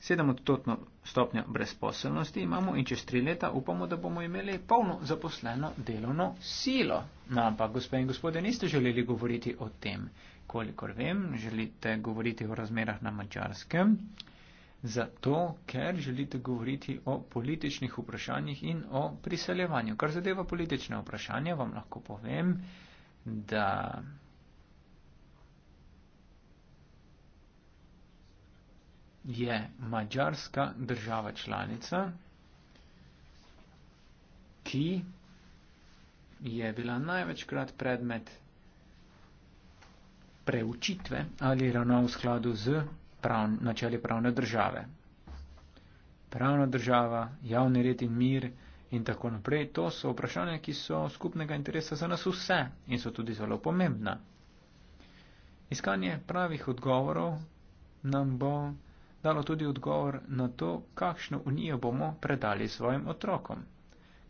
7 odstotno stopnja brezposelnosti imamo in čez tri leta upamo, da bomo imeli polno zaposleno delovno silo. No, ampak, gospe in gospode, niste želeli govoriti o tem, kolikor vem, želite govoriti o razmerah na mačarskem zato, ker želite govoriti o političnih vprašanjih in o priseljevanju. Kar zadeva politične vprašanja, vam lahko povem, da. Je mađarska država članica, ki je bila največkrat predmet preučitve ali ravna v skladu z prav, načeli pravne države. Pravna država, javni red in mir in tako naprej, to so vprašanja, ki so skupnega interesa za nas vse in so tudi zelo pomembna. Iskanje pravih odgovorov nam bo dalo tudi odgovor na to, kakšno unijo bomo predali svojim otrokom.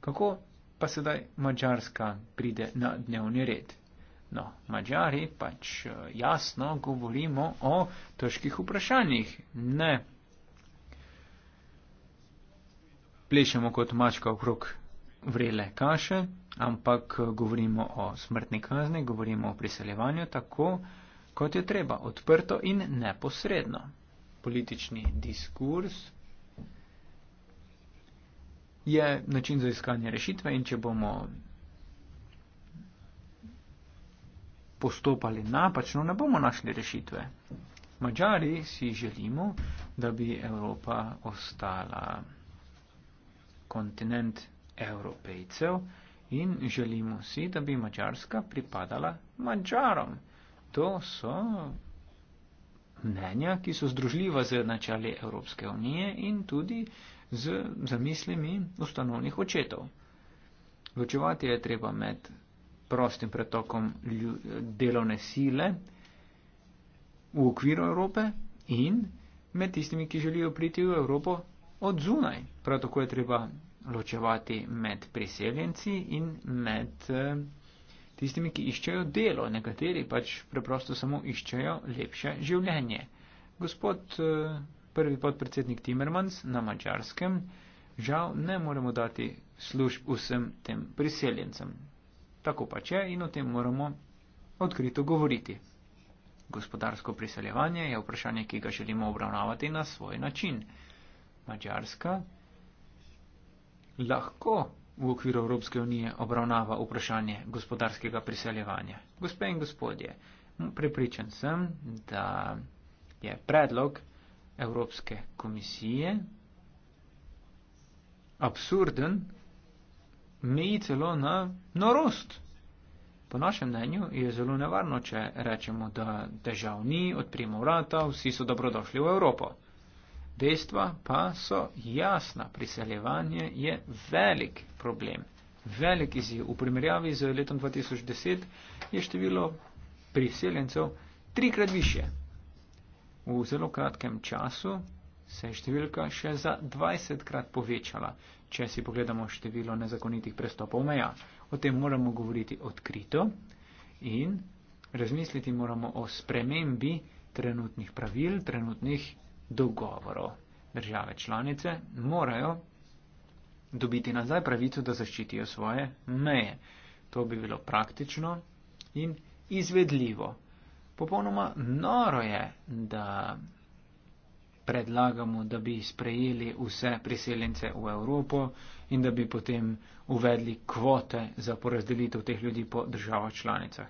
Kako pa sedaj Mačarska pride na dnevni red? No, Mađari pač eh, jasno govorimo o težkih vprašanjih. Ne plešemo kot mačka okrog vrele kaše, ampak eh, govorimo o smrtni kazni, govorimo o priseljevanju tako, kot je treba, odprto in neposredno. Politični diskurs je način za iskanje rešitve in če bomo postopali napačno, ne bomo našli rešitve. Mačari si želimo, da bi Evropa ostala kontinent evropejcev in želimo si, da bi Mačarska pripadala Mačarom. To so mnenja, ki so združljiva z načali Evropske unije in tudi z zamislimi ustanovnih očetov. Ločevati je treba med prostim pretokom delovne sile v okviru Evrope in med tistimi, ki želijo priti v Evropo od zunaj. Prav tako je treba ločevati med priseljenci in med eh, tistimi, ki iščejo delo. Nekateri pač preprosto samo iščejo lepše življenje. Gospod eh, prvi podpredsednik Timmermans na mačarskem žal ne moremo dati služb vsem tem priseljencem. Tako pač je in o tem moramo odkrito govoriti. Gospodarsko priseljevanje je vprašanje, ki ga želimo obravnavati na svoj način. Mačarska lahko v okviru Evropske unije obravnava vprašanje gospodarskega priseljevanja. Gospe in gospodje, prepričan sem, da je predlog Evropske komisije absurden meji celo na norost. Po našem mnenju je zelo nevarno, če rečemo, da držav ni, odprimo vrata, vsi so dobrodošli v Evropo. Dejstva pa so jasna, priseljevanje je velik problem, velik izjiv. V primerjavi z letom 2010 je število priseljencev trikrat više. V zelo kratkem času se je številka še za 20 krat povečala če si pogledamo število nezakonitih prestopov meja. O tem moramo govoriti odkrito in razmisliti moramo o spremembi trenutnih pravil, trenutnih dogovorov. Države članice morajo dobiti nazaj pravico, da zaščitijo svoje meje. To bi bilo praktično in izvedljivo. Popolnoma noro je, da predlagamo, da bi sprejeli vse priseljence v Evropo in da bi potem uvedli kvote za porazdelitev teh ljudi po državah članicah.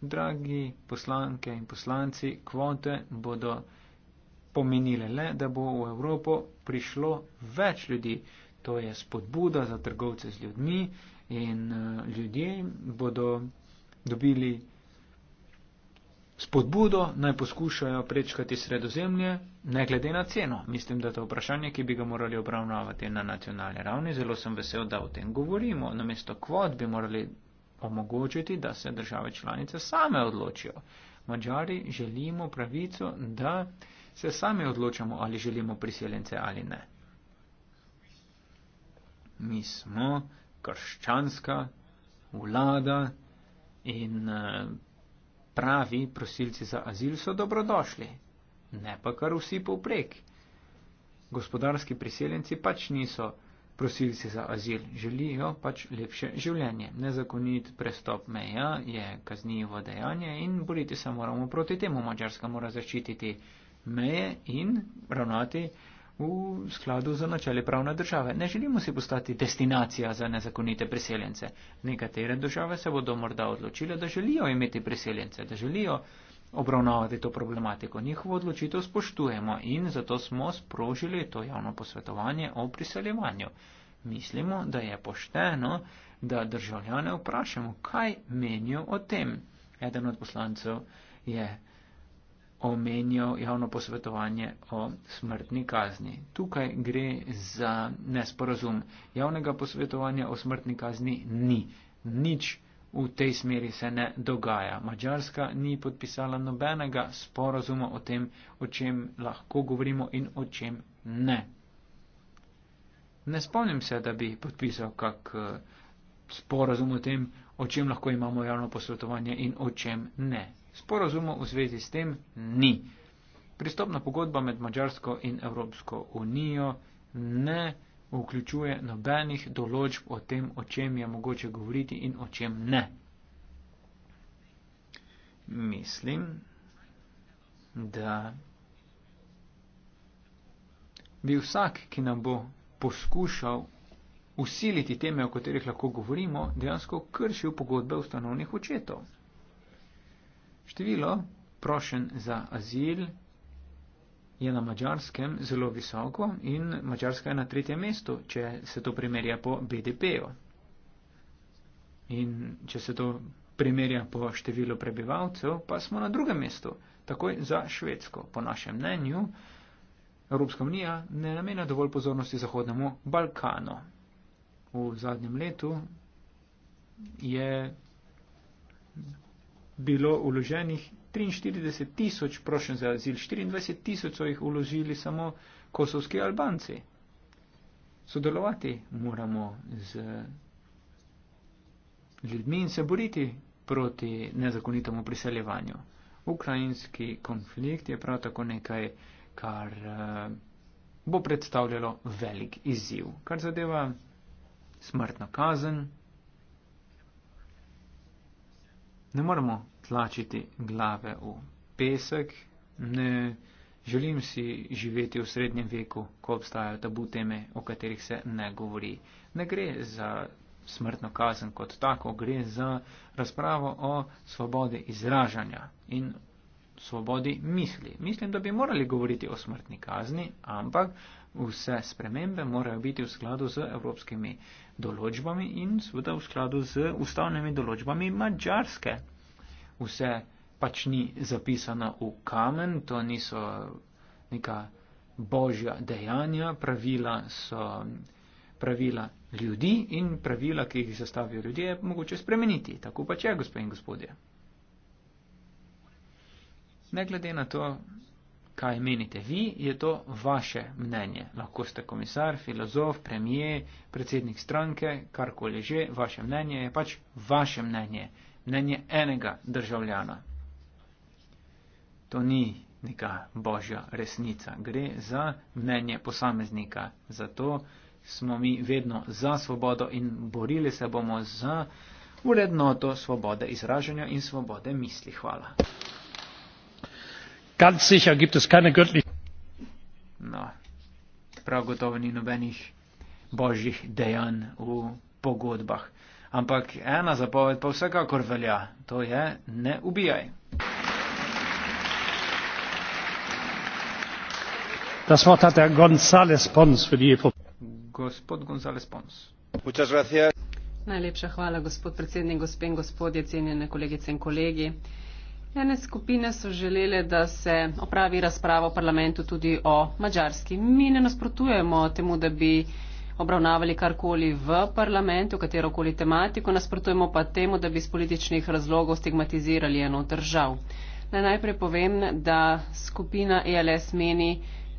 Dragi poslanke in poslanci, kvote bodo pomenile le, da bo v Evropo prišlo več ljudi. To je spodbuda za trgovce z ljudmi in eh, ljudje bodo dobili spodbudo naj poskušajo prečkati sredozemlje, ne glede na ceno. Mislim, da to je vprašanje, ki bi ga morali obravnavati na nacionalni ravni. Zelo sem vesel, da o tem govorimo. Namesto kvot bi morali omogočiti, da se države članice same odločijo. Mačari želimo pravico, da se sami odločamo, ali želimo priseljence ali ne. Mi smo krščanska vlada in. Uh, pravi prosilci za azil so dobrodošli, ne pa kar vsi povprek. Gospodarski priseljenci pač niso prosilci za azil, želijo pač lepše življenje. Nezakonit prestop meja je kaznivo dejanje in boriti se moramo proti temu. Mačarska mora zaščititi meje in ravnati v skladu z načeli pravne države. Ne želimo si postati destinacija za nezakonite priseljence. Nekatere države se bodo morda odločile, da želijo imeti priseljence, da želijo obravnavati to problematiko. Njihovo odločitev spoštujemo in zato smo sprožili to javno posvetovanje o priseljevanju. Mislimo, da je pošteno, da državljane vprašamo, kaj menijo o tem. Eden od poslancev je. Yeah omenjal javno posvetovanje o smrtni kazni. Tukaj gre za nesporazum. Javnega posvetovanja o smrtni kazni ni. Nič v tej smeri se ne dogaja. Mačarska ni podpisala nobenega sporazuma o tem, o čem lahko govorimo in o čem ne. Ne spomnim se, da bi podpisal kak eh, sporazum o tem, o čem lahko imamo javno posvetovanje in o čem ne. Sporazumov v zvezi s tem ni. Pristopna pogodba med Mačarsko in Evropsko unijo ne vključuje nobenih določb o tem, o čem je mogoče govoriti in o čem ne. Mislim, da bi vsak, ki nam bo poskušal usiliti teme, o katerih lahko govorimo, dejansko kršil pogodbe ustanovnih očetov. Število prošen za azil je na mačarskem zelo visoko in mačarska je na tretjem mestu, če se to primerja po BDP-ju. In če se to primerja po številu prebivalcev, pa smo na drugem mestu, takoj za Švedsko. Po našem mnenju Evropska unija ne namenja dovolj pozornosti Zahodnemu Balkanu. V zadnjem letu je bilo uloženih 43 tisoč prošen za azil, 24 tisoč so jih uložili samo kosovski Albanci. Sodelovati moramo z ljudmi in se boriti proti nezakonitemu priseljevanju. Ukrajinski konflikt je prav tako nekaj, kar eh, bo predstavljalo velik izziv. Kar zadeva smrtno kazen, ne moremo tlačiti glave v pesek, ne želim si živeti v srednjem veku, ko obstajajo tabu teme, o katerih se ne govori. Ne gre za smrtno kazen kot tako, gre za razpravo o svobodi izražanja in svobodi misli. Mislim, da bi morali govoriti o smrtni kazni, ampak vse spremembe morajo biti v skladu z evropskimi določbami in seveda v skladu z ustavnimi določbami mačarske. Vse pač ni zapisano v kamen, to niso neka božja dejanja, pravila so pravila ljudi in pravila, ki jih sestavijo ljudje, je mogoče spremeniti. Tako pač je, gospod in gospodje. Ne glede na to, kaj menite vi, je to vaše mnenje. Lahko ste komisar, filozof, premije, predsednik stranke, karkoli že, vaše mnenje je pač vaše mnenje, mnenje enega državljana. To ni neka božja resnica, gre za mnenje posameznika. Zato smo mi vedno za svobodo in borili se bomo za urednoto svobode izražanja in svobode misli. Hvala ganz sicher gibt es keine göttliche. No, prav gotovo ni nobenih božjih dejanj v pogodbah. Ampak ena zapoved pa vsekakor velja, to je ne ubijaj. Das Wort hat der González Pons für die Gospod González Pons. Muchas gracias. Najlepša hvala, gospod predsednik, gospe in gospodje, cenjene kolegice in kolegi. Ene skupine so želele, da se opravi razprava v parlamentu tudi o Mačarski. Mi ne nasprotujemo temu, da bi obravnavali karkoli v parlamentu, katerokoli tematiko, nasprotujemo pa temu, da bi iz političnih razlogov stigmatizirali eno držav. Najprej povem, da skupina ELS meni,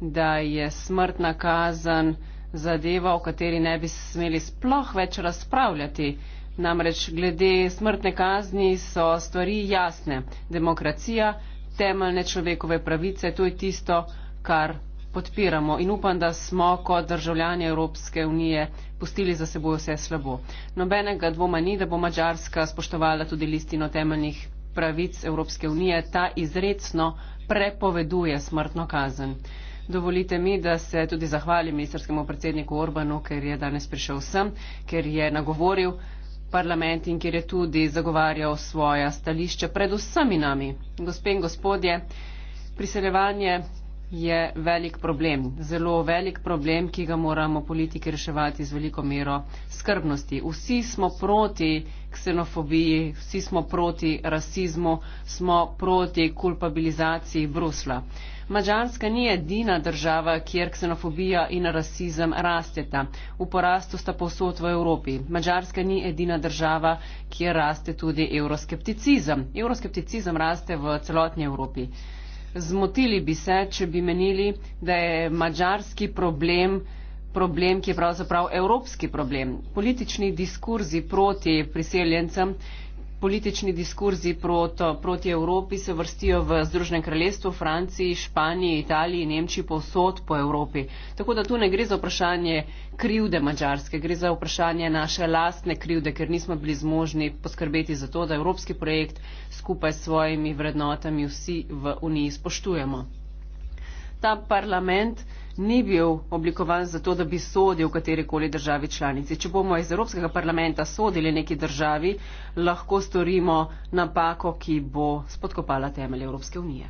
da je smrtna kazen zadeva, o kateri ne bi smeli sploh več razpravljati. Namreč glede smrtne kazni so stvari jasne. Demokracija, temeljne človekove pravice, to je tisto, kar podpiramo in upam, da smo kot državljani Evropske unije pustili za seboj vse slabo. Nobenega dvoma ni, da bo Mačarska spoštovala tudi listino temeljnih pravic Evropske unije, ta izredno prepoveduje smrtno kazen. Dovolite mi, da se tudi zahvalim ministrskemu predsedniku Orbanu, ker je danes prišel sem, ker je nagovoril parlament in kjer je tudi zagovarjal svoja stališča pred vsemi nami. Gospe in gospodje, priseljevanje je velik problem, zelo velik problem, ki ga moramo politiki reševati z veliko mero skrbnosti. Vsi smo proti ksenofobiji, vsi smo proti rasizmu, smo proti kulpabilizaciji Brusla. Mađarska ni edina država, kjer ksenofobija in rasizem rasteta. V porastu sta povsod v Evropi. Mađarska ni edina država, kjer raste tudi euroskepticizem. Euroskepticizem raste v celotni Evropi. Zmotili bi se, če bi menili, da je mađarski problem problem, ki je pravzaprav evropski problem. Politični diskurzi proti priseljencem politični diskurzi prot, proti Evropi se vrstijo v Združenem kraljestvu, Franciji, Španiji, Italiji, Nemčiji, povsod po Evropi. Tako da tu ne gre za vprašanje krivde mačarske, gre za vprašanje naše lastne krivde, ker nismo bili zmožni poskrbeti za to, da evropski projekt skupaj s svojimi vrednotami vsi v Uniji spoštujemo. Ta parlament ni bil oblikovan zato, da bi sodil katerikoli državi članici. Če bomo iz Evropskega parlamenta sodili neki državi, lahko storimo napako, ki bo spodkopala temelje Evropske unije.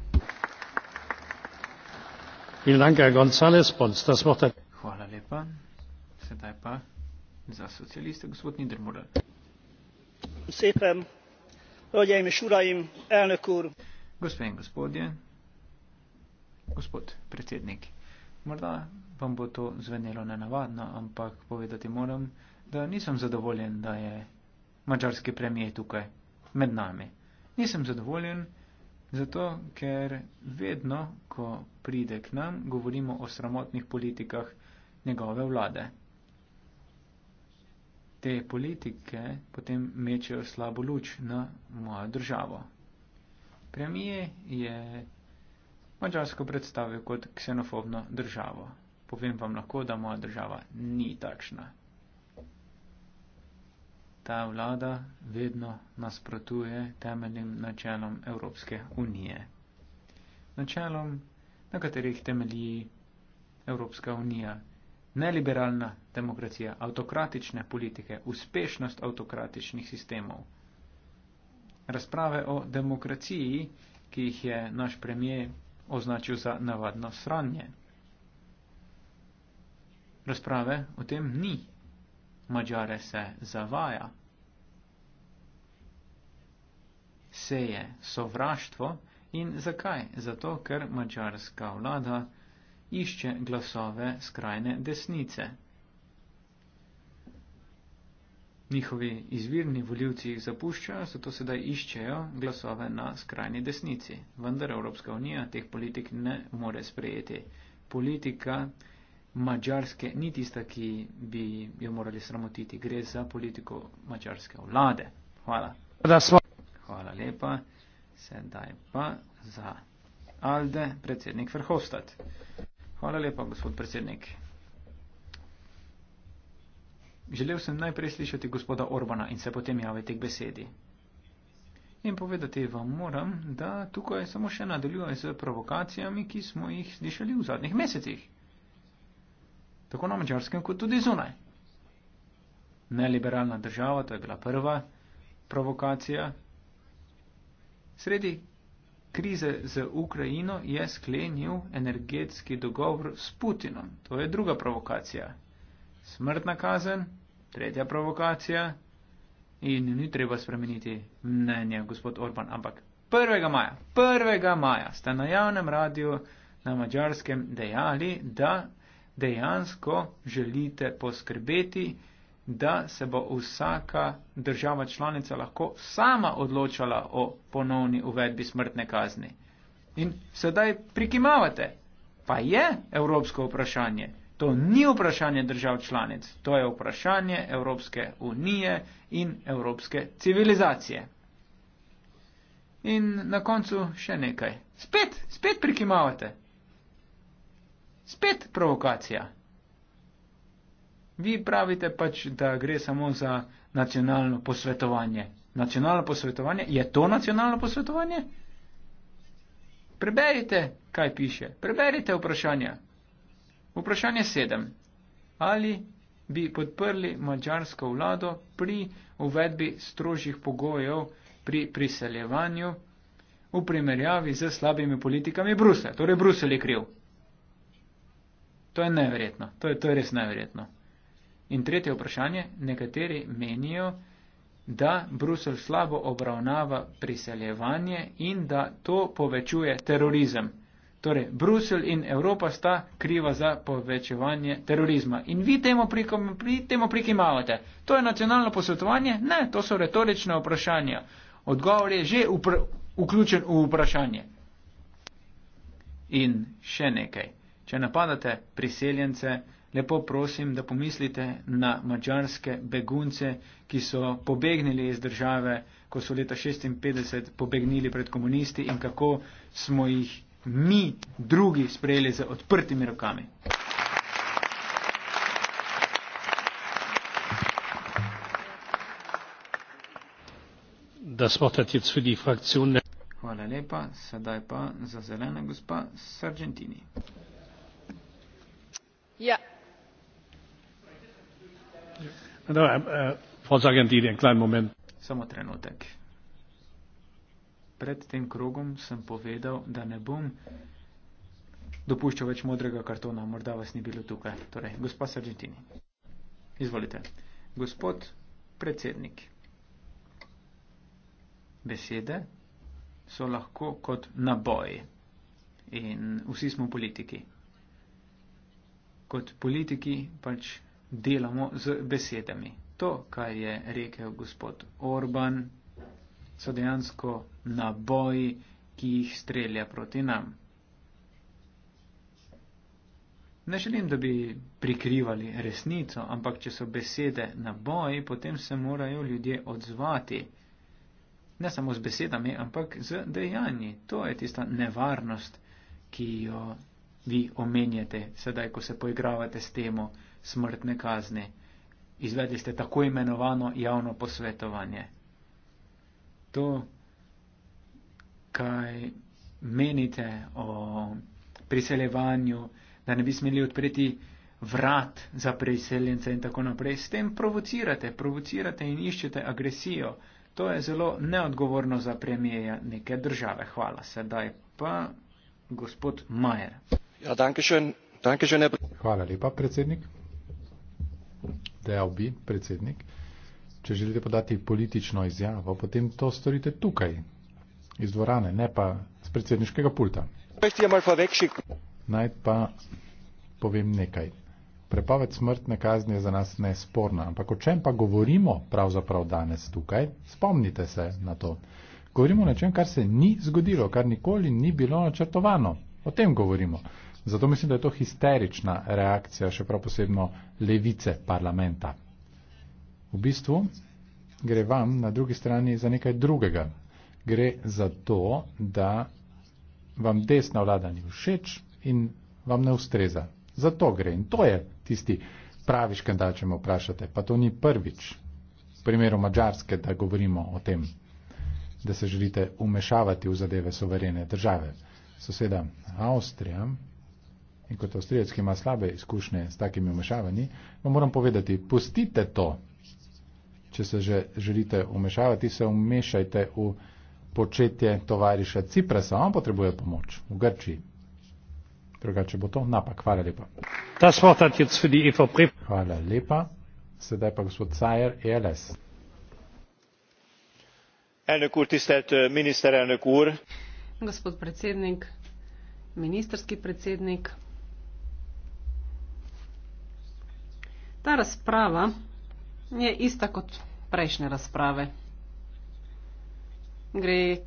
Hvala lepa. Sedaj pa za socialiste, gospod Nidermore. Sepem, šurajim, gospod in gospodje, gospod predsednik. Morda vam bo to zvenelo nenavadno, ampak povedati moram, da nisem zadovoljen, da je mačarski premije tukaj med nami. Nisem zadovoljen, zato ker vedno, ko pride k nam, govorimo o sramotnih politikah njegove vlade. Te politike potem mečejo slabo luč na mojo državo. Premije je Mačarsko predstavil kot ksenofobno državo. Povem vam lahko, da moja država ni takšna. Ta vlada vedno nasprotuje temeljnim načelom Evropske unije. Načelom, na katerih temelji Evropska unija. Neliberalna demokracija, avtokratične politike, uspešnost avtokratičnih sistemov. Razprave o demokraciji, ki jih je naš premijer označil za navadno sranje. Razprave o tem ni. Mačare se zavaja. Seje sovraštvo in zakaj? Zato, ker mačarska vlada išče glasove skrajne desnice. njihovi izvirni voljivci jih zapuščajo, zato sedaj iščejo glasove na skrajni desnici. Vendar Evropska unija teh politik ne more sprejeti. Politika Mačarske ni tista, ki bi jo morali sramotiti. Gre za politiko mačarske vlade. Hvala. Hvala lepa. Sedaj pa za Alde, predsednik Verhofstadt. Hvala lepa, gospod predsednik. Želel sem najprej slišati gospoda Orbana in se potem javiti k besedi. In povedati vam moram, da tukaj samo še nadaljujem z provokacijami, ki smo jih slišali v zadnjih mesecih. Tako na mačarskem, kot tudi zunaj. Neliberalna država, to je bila prva provokacija. Sredi krize z Ukrajino je sklenil energetski dogovor s Putinom. To je druga provokacija smrtna kazen, tretja provokacija in ni treba spremeniti mnenja, gospod Orban, ampak 1. maja, 1. maja ste na javnem radiju na mačarskem dejali, da dejansko želite poskrbeti, da se bo vsaka država članica lahko sama odločala o ponovni uvedbi smrtne kazni. In sedaj prikimavate, pa je evropsko vprašanje, To ni vprašanje držav članic, to je vprašanje Evropske unije in evropske civilizacije. In na koncu še nekaj. Spet, spet prikimavate. Spet provokacija. Vi pravite pač, da gre samo za nacionalno posvetovanje. Nacionalno posvetovanje? Je to nacionalno posvetovanje? Preberite, kaj piše. Preberite vprašanja. Vprašanje sedem. Ali bi podprli mačarsko vlado pri uvedbi strožjih pogojev pri priseljevanju v primerjavi z slabimi politikami Bruslja? Torej, Bruselj je kriv. To je neverjetno, to je, to je res neverjetno. In tretje vprašanje. Nekateri menijo, da Bruselj slabo obravnava priseljevanje in da to povečuje terorizem. Torej, Bruselj in Evropa sta kriva za povečevanje terorizma. In vi temu, prikom, pri, temu prikimavate. To je nacionalno posvetovanje? Ne, to so retorične vprašanja. Odgovor je že upr, vključen v vprašanje. In še nekaj. Če napadate priseljence, lepo prosim, da pomislite na mačarske begunce, ki so pobegnili iz države, ko so leta 1956 pobegnili pred komunisti in kako smo jih mi drugi sprejeli z odprtimi rokami. Hvala lepa, sedaj pa za zelena gospa s Argentini. Ja. Eh, eh, Samo trenutek pred tem krogom sem povedal, da ne bom dopuščal več modrega kartona, morda vas ni bilo tukaj. Torej, gospa Sargentini, izvolite. Gospod predsednik, besede so lahko kot naboj in vsi smo politiki. Kot politiki pač delamo z besedami. To, kar je rekel gospod Orban, so dejansko naboji, ki jih strelja proti nam. Ne želim, da bi prikrivali resnico, ampak če so besede naboji, potem se morajo ljudje odzvati. Ne samo z besedami, ampak z dejanji. To je tista nevarnost, ki jo vi omenjate, sedaj, ko se poigravate s temo smrtne kazni. Izvedli ste tako imenovano javno posvetovanje to, kaj menite o priseljevanju, da ne bi smeli odpreti vrat za priseljence in tako naprej. S tem provocirate, provocirate in iščete agresijo. To je zelo neodgovorno za premijeja neke države. Hvala. Sedaj pa gospod Majer. Ja, dankeschön. Dankeschön, Hvala lepa, predsednik. Dejal bi, predsednik. Uh, če želite podati politično izjavo, potem to storite tukaj, iz dvorane, ne pa z predsedniškega pulta. Naj pa povem nekaj. Prepoved smrtne kazni je za nas nesporna, ampak o čem pa govorimo pravzaprav danes tukaj? Spomnite se na to. Govorimo o nečem, kar se ni zgodilo, kar nikoli ni bilo načrtovano. O tem govorimo. Zato mislim, da je to histerična reakcija, še prav posebno levice parlamenta. V bistvu gre vam na drugi strani za nekaj drugega. Gre za to, da vam desna vlada ni všeč in vam ne ustreza. Za to gre in to je tisti pravi škandal, če me vprašate. Pa to ni prvič v primeru Mačarske, da govorimo o tem, da se želite umešavati v zadeve soverene države. Soseda Avstrija in kot Avstrijec, ki ima slabe izkušnje s takimi umešavanji, vam moram povedati, pustite to če se že želite umešavati, se umešajte v početje tovariša Ciprasa. On potrebuje pomoč v Grčiji. Drugače bo to napak. Hvala lepa. E Hvala lepa. Sedaj pa gospod Cajer, ELS. Elnök úr, tisztelt miniszterelnök úr! Gospod predsednik, ministerski predsednik, ta razprava je ista kot prejšnje razprave. Gre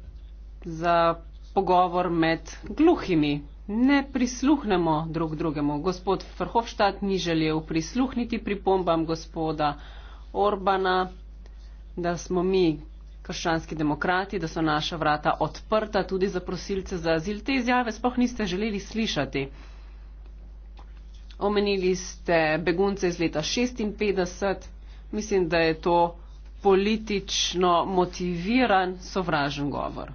za pogovor med gluhimi. Ne prisluhnemo drug drugemu. Gospod Frhofštat ni želel prisluhniti pripombam gospoda Orbana, da smo mi, krščanski demokrati, da so naša vrata odprta tudi za prosilce za azil. Te izjave sploh niste želeli slišati. Omenili ste begunce iz leta 1956 mislim, da je to politično motiviran sovražen govor.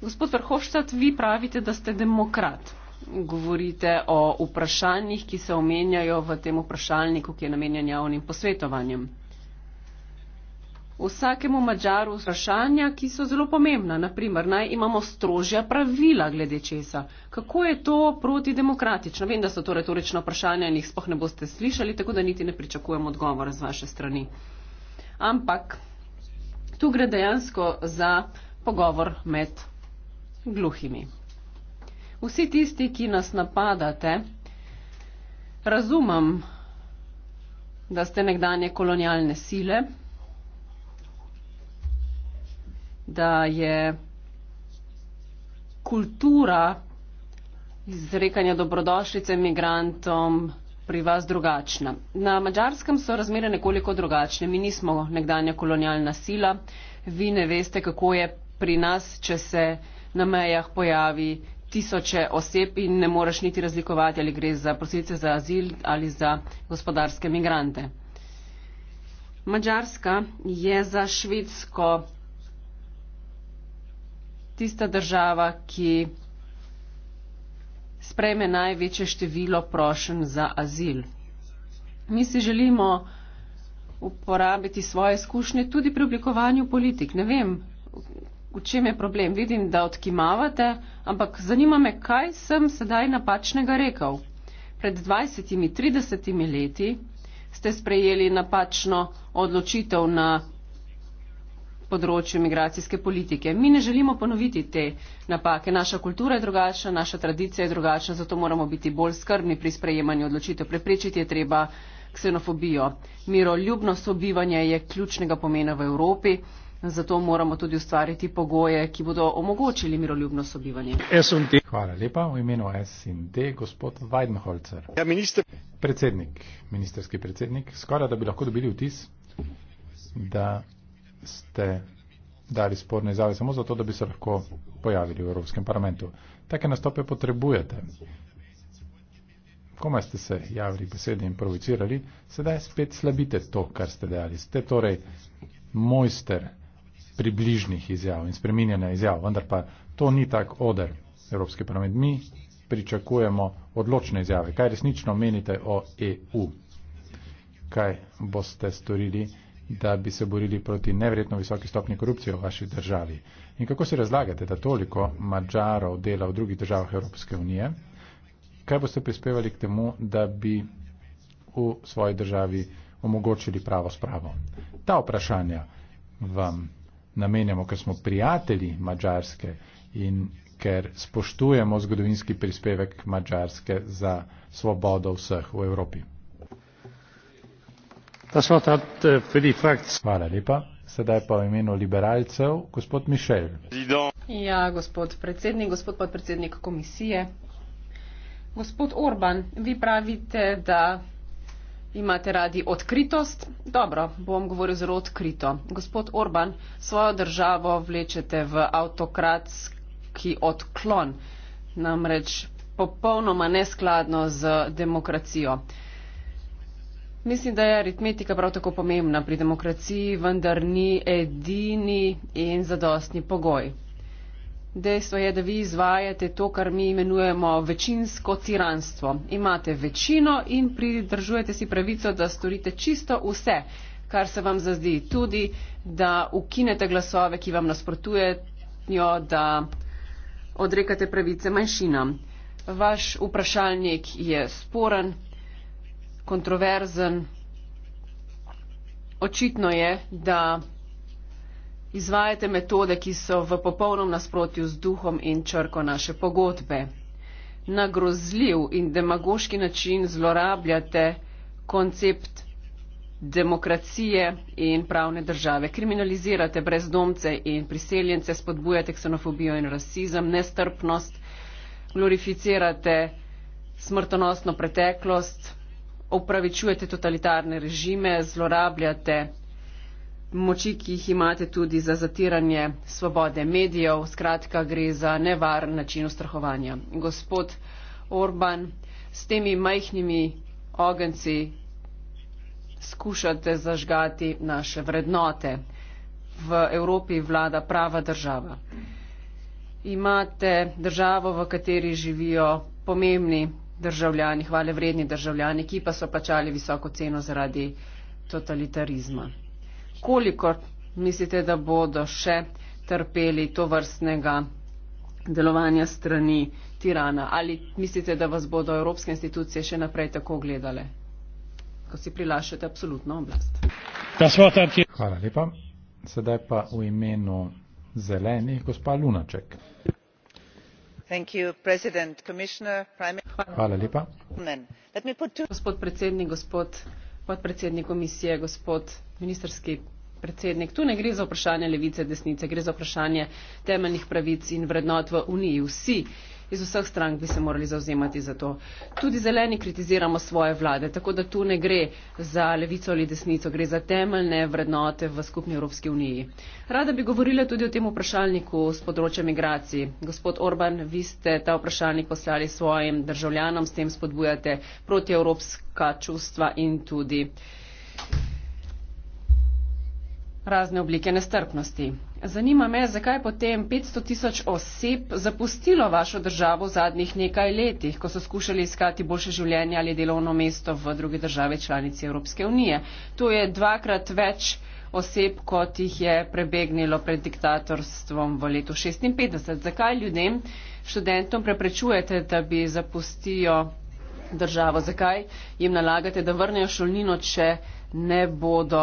Gospod Verhofstadt, vi pravite, da ste demokrat. Govorite o vprašanjih, ki se omenjajo v tem vprašalniku, ki je namenjen javnim posvetovanjem vsakemu mačaru vprašanja, ki so zelo pomembna. Naprimer, naj imamo strožja pravila glede česa. Kako je to protidemokratično? Vem, da so to retorična vprašanja in jih spoh ne boste slišali, tako da niti ne pričakujem odgovora z vaše strani. Ampak tu gre dejansko za pogovor med gluhimi. Vsi tisti, ki nas napadate, razumem, da ste nekdanje kolonialne sile, da je kultura izrekanja dobrodošlice imigrantom pri vas drugačna. Na Mačarskem so razmere nekoliko drugačne. Mi nismo nekdanja kolonialna sila. Vi ne veste, kako je pri nas, če se na mejah pojavi tisoče oseb in ne moreš niti razlikovati, ali gre za prosilce za azil ali za gospodarske migrante. Mačarska je za švedsko tista država, ki sprejme največje število prošen za azil. Mi si želimo uporabiti svoje izkušnje tudi pri oblikovanju politik. Ne vem, v čem je problem. Vidim, da odkimavate, ampak zanima me, kaj sem sedaj napačnega rekel. Pred 20-30 leti ste sprejeli napačno odločitev na področju migracijske politike. Mi ne želimo ponoviti te napake. Naša kultura je drugačna, naša tradicija je drugačna, zato moramo biti bolj skrbni pri sprejemanju odločitev. Preprečiti je treba ksenofobijo. Miroljubno sobivanje je ključnega pomena v Evropi. Zato moramo tudi ustvariti pogoje, ki bodo omogočili miroljubno sobivanje. Hvala lepa v imenu SND, gospod Weidenholzer. Ja, minister. Predsednik, ministerski predsednik, skoraj da bi lahko dobili vtis, da ste dali sporne izjave samo zato, da bi se lahko pojavili v Evropskem parlamentu. Take nastope potrebujete. Koma ste se javili besedi in provocirali, sedaj spet slabite to, kar ste dejali. Ste torej mojster približnih izjav in spreminjanja izjav, vendar pa to ni tak odr Evropske parlament. Mi pričakujemo odločne izjave. Kaj resnično menite o EU? Kaj boste storili? da bi se borili proti nevredno visoki stopni korupcije v vaši državi. In kako si razlagate, da toliko Mačarov dela v drugih državah Evropske unije? Kaj boste prispevali k temu, da bi v svoji državi omogočili pravo spravo? Ta vprašanja vam namenjamo, ker smo prijatelji Mačarske in ker spoštujemo zgodovinski prispevek Mačarske za svobodo vseh v Evropi. Äh, Sedaj pa v imenu liberalcev, gospod Mišel. Ja, gospod predsednik, gospod podpredsednik komisije. Gospod Orban, vi pravite, da imate radi odkritost. Dobro, bom govoril zelo odkrito. Gospod Orban, svojo državo vlečete v avtokratski odklon, namreč popolnoma neskladno z demokracijo. Mislim, da je aritmetika prav tako pomembna pri demokraciji, vendar ni edini in zadostni pogoj. Dejstvo je, da vi izvajate to, kar mi imenujemo večinsko tiranstvo. Imate večino in pridržujete si pravico, da storite čisto vse, kar se vam zazdi. Tudi, da ukinete glasove, ki vam nasprotujejo, da odrekate pravice manjšinam. Vaš vprašalnik je sporen kontroverzen. Očitno je, da izvajate metode, ki so v popolnom nasprotju z duhom in črko naše pogodbe. Na grozljiv in demagoški način zlorabljate koncept demokracije in pravne države. Kriminalizirate brezdomce in priseljence, spodbujate ksenofobijo in rasizem, nestrpnost, glorificirate smrtonosno preteklost, opravičujete totalitarne režime, zlorabljate moči, ki jih imate tudi za zatiranje svobode medijev. Skratka, gre za nevar način ustrahovanja. Gospod Orban, s temi majhnimi ogenci skušate zažgati naše vrednote. V Evropi vlada prava država. Imate državo, v kateri živijo pomembni državljani, hvale vredni državljani, ki pa so plačali visoko ceno zaradi totalitarizma. Koliko mislite, da bodo še trpeli to vrstnega delovanja strani tirana? Ali mislite, da vas bodo evropske institucije še naprej tako gledale, ko si prilašate absolutno oblast? Hvala lepa. Sedaj pa v imenu zelenih gospa Lunaček gospod predsednik gospod podpredsednik komisije gospod ministrski predsednik tu ne gre za vprašanje levice desnice gre za vprašanje temeljnih pravic in vrednot v uniji vsi imamo pravico do zdravja in varnosti iz vseh strank bi se morali zauzemati za to. Tudi zeleni kritiziramo svoje vlade, tako da tu ne gre za levico ali desnico, gre za temeljne vrednote v skupni Evropski uniji. Rada bi govorila tudi o tem vprašalniku z področja migracij. Gospod Orban, vi ste ta vprašalnik poslali svojim državljanom, s tem spodbujate protievropska čustva in tudi razne oblike nestrpnosti. Zanima me, zakaj potem 500 tisoč oseb zapustilo vašo državo v zadnjih nekaj letih, ko so skušali iskati boljše življenje ali delovno mesto v druge države članice Evropske unije. To je dvakrat več oseb, kot jih je prebegnilo pred diktatorstvom v letu 1956. Zakaj ljudem, študentom preprečujete, da bi zapustijo državo? Zakaj jim nalagate, da vrnejo šolnino, če ne bodo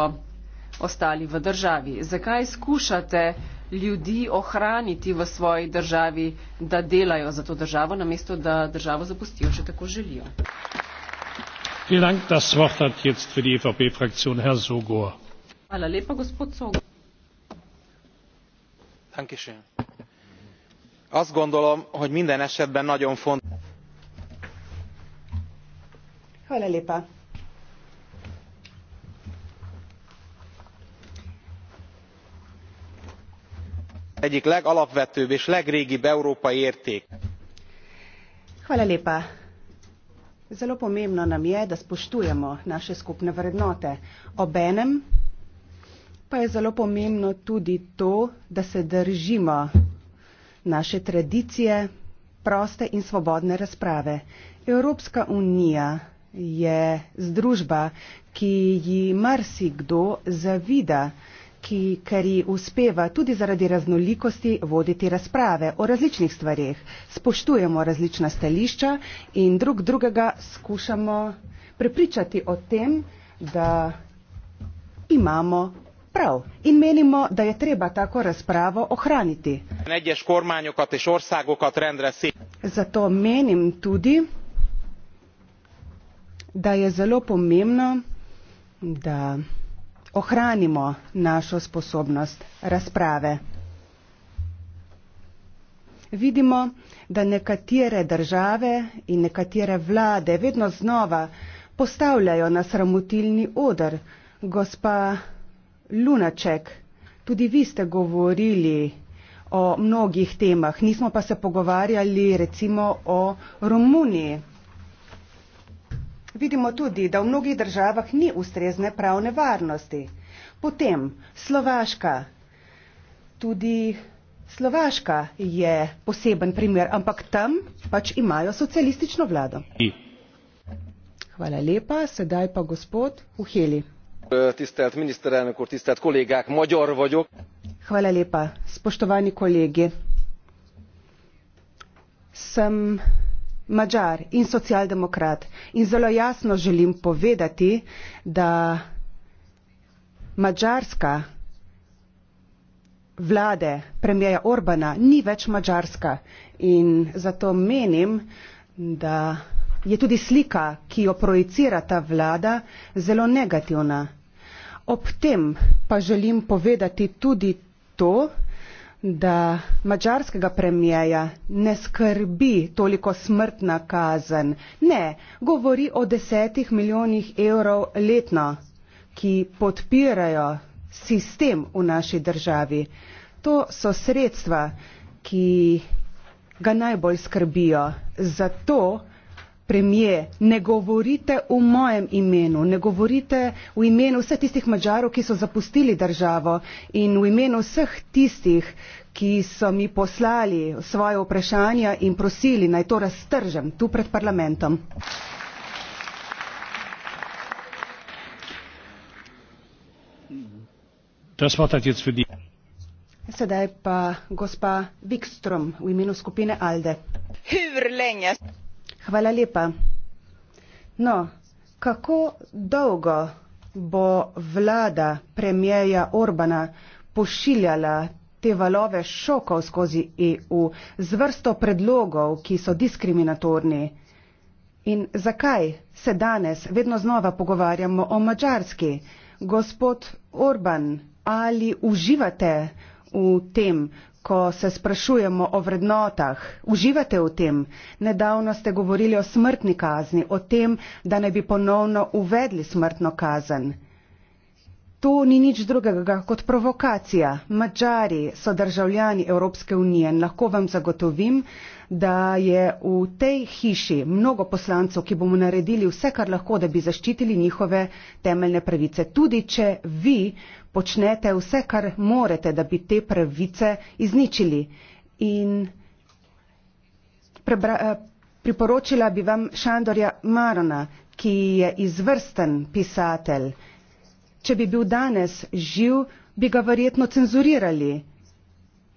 ostali v državi. Zakaj skušate ljudi ohraniti v svoji državi, da delajo za to državo, namesto da državo zapustijo, če tako želijo? Hvala lepa, gospod Sogo. Azt gondolom, hogy minden esetben nagyon fontos. Hvala lepa. egyik legalapvetőbb és legrégibb európai érték. Hvala lepa. Zelo pomembno nam je, da spoštujemo naše skupne vrednote. Obenem pa je zelo pomembno tudi to, da se držimo naše tradicije proste in svobodne razprave. Evropska unija je združba, ki ji marsikdo zavida ki, ker ji uspeva tudi zaradi raznolikosti voditi razprave o različnih stvarih. Spoštujemo različna stališča in drug drugega skušamo prepričati o tem, da imamo prav in menimo, da je treba tako razpravo ohraniti. Zato menim tudi, da je zelo pomembno, da ohranimo našo sposobnost razprave. Vidimo, da nekatere države in nekatere vlade vedno znova postavljajo na sramotilni odr. Gospa Lunaček, tudi vi ste govorili o mnogih temah, nismo pa se pogovarjali recimo o Romuniji. Vidimo tudi, da v mnogih državah ni ustrezne pravne varnosti. Potem Slovaška. Tudi Slovaška je poseben primer, ampak tam pač imajo socialistično vlado. Hvala lepa, sedaj pa gospod Uheli. Tisztelt miniszterelnök úr, tisztelt kollégák, magyar vagyok. Hvala lépa, spostovani kollégi. Szem Mačar in socialdemokrat in zelo jasno želim povedati, da mačarska vlade premjeja Orbana ni več mačarska in zato menim, da je tudi slika, ki jo projicira ta vlada, zelo negativna. Ob tem pa želim povedati tudi to, da mačarskega premijeja ne skrbi toliko smrtna kazen. Ne, govori o desetih milijonih evrov letno, ki podpirajo sistem v naši državi. To so sredstva, ki ga najbolj skrbijo. Zato premije, ne govorite v mojem imenu, ne govorite v imenu vseh tistih mačarov, ki so zapustili državo in v imenu vseh tistih, ki so mi poslali svoje vprašanja in prosili, naj to raztržem tu pred parlamentom. Sedaj pa gospa Wikström v imenu skupine Alde. Hvala lepa. No, kako dolgo bo vlada premijeja Orbana pošiljala te valove šokov skozi EU z vrsto predlogov, ki so diskriminatorni? In zakaj se danes vedno znova pogovarjamo o Mačarski? Gospod Orban, ali uživate v tem, ko se sprašujemo o vrednotah, uživate v tem. Nedavno ste govorili o smrtni kazni, o tem, da ne bi ponovno uvedli smrtno kazen. To ni nič drugega kot provokacija. Mačari so državljani Evropske unije in lahko vam zagotovim, da je v tej hiši mnogo poslancev, ki bomo naredili vse, kar lahko, da bi zaščitili njihove temeljne pravice. Tudi, če vi počnete vse, kar morete, da bi te pravice izničili. In prebra, eh, priporočila bi vam Šandorja Marona, ki je izvrsten pisatelj če bi bil danes živ, bi ga verjetno cenzurirali.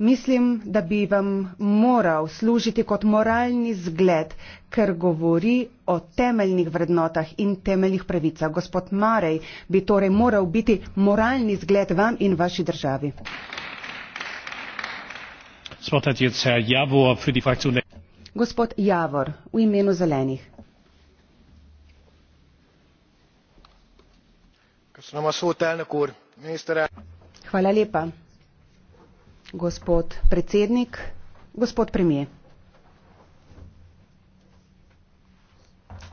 Mislim, da bi vam moral služiti kot moralni zgled, ker govori o temeljnih vrednotah in temeljnih pravicah. Gospod Marej bi torej moral biti moralni zgled vam in vaši državi. Gospod Javor, v imenu zelenih. gospod predsednik gospod premier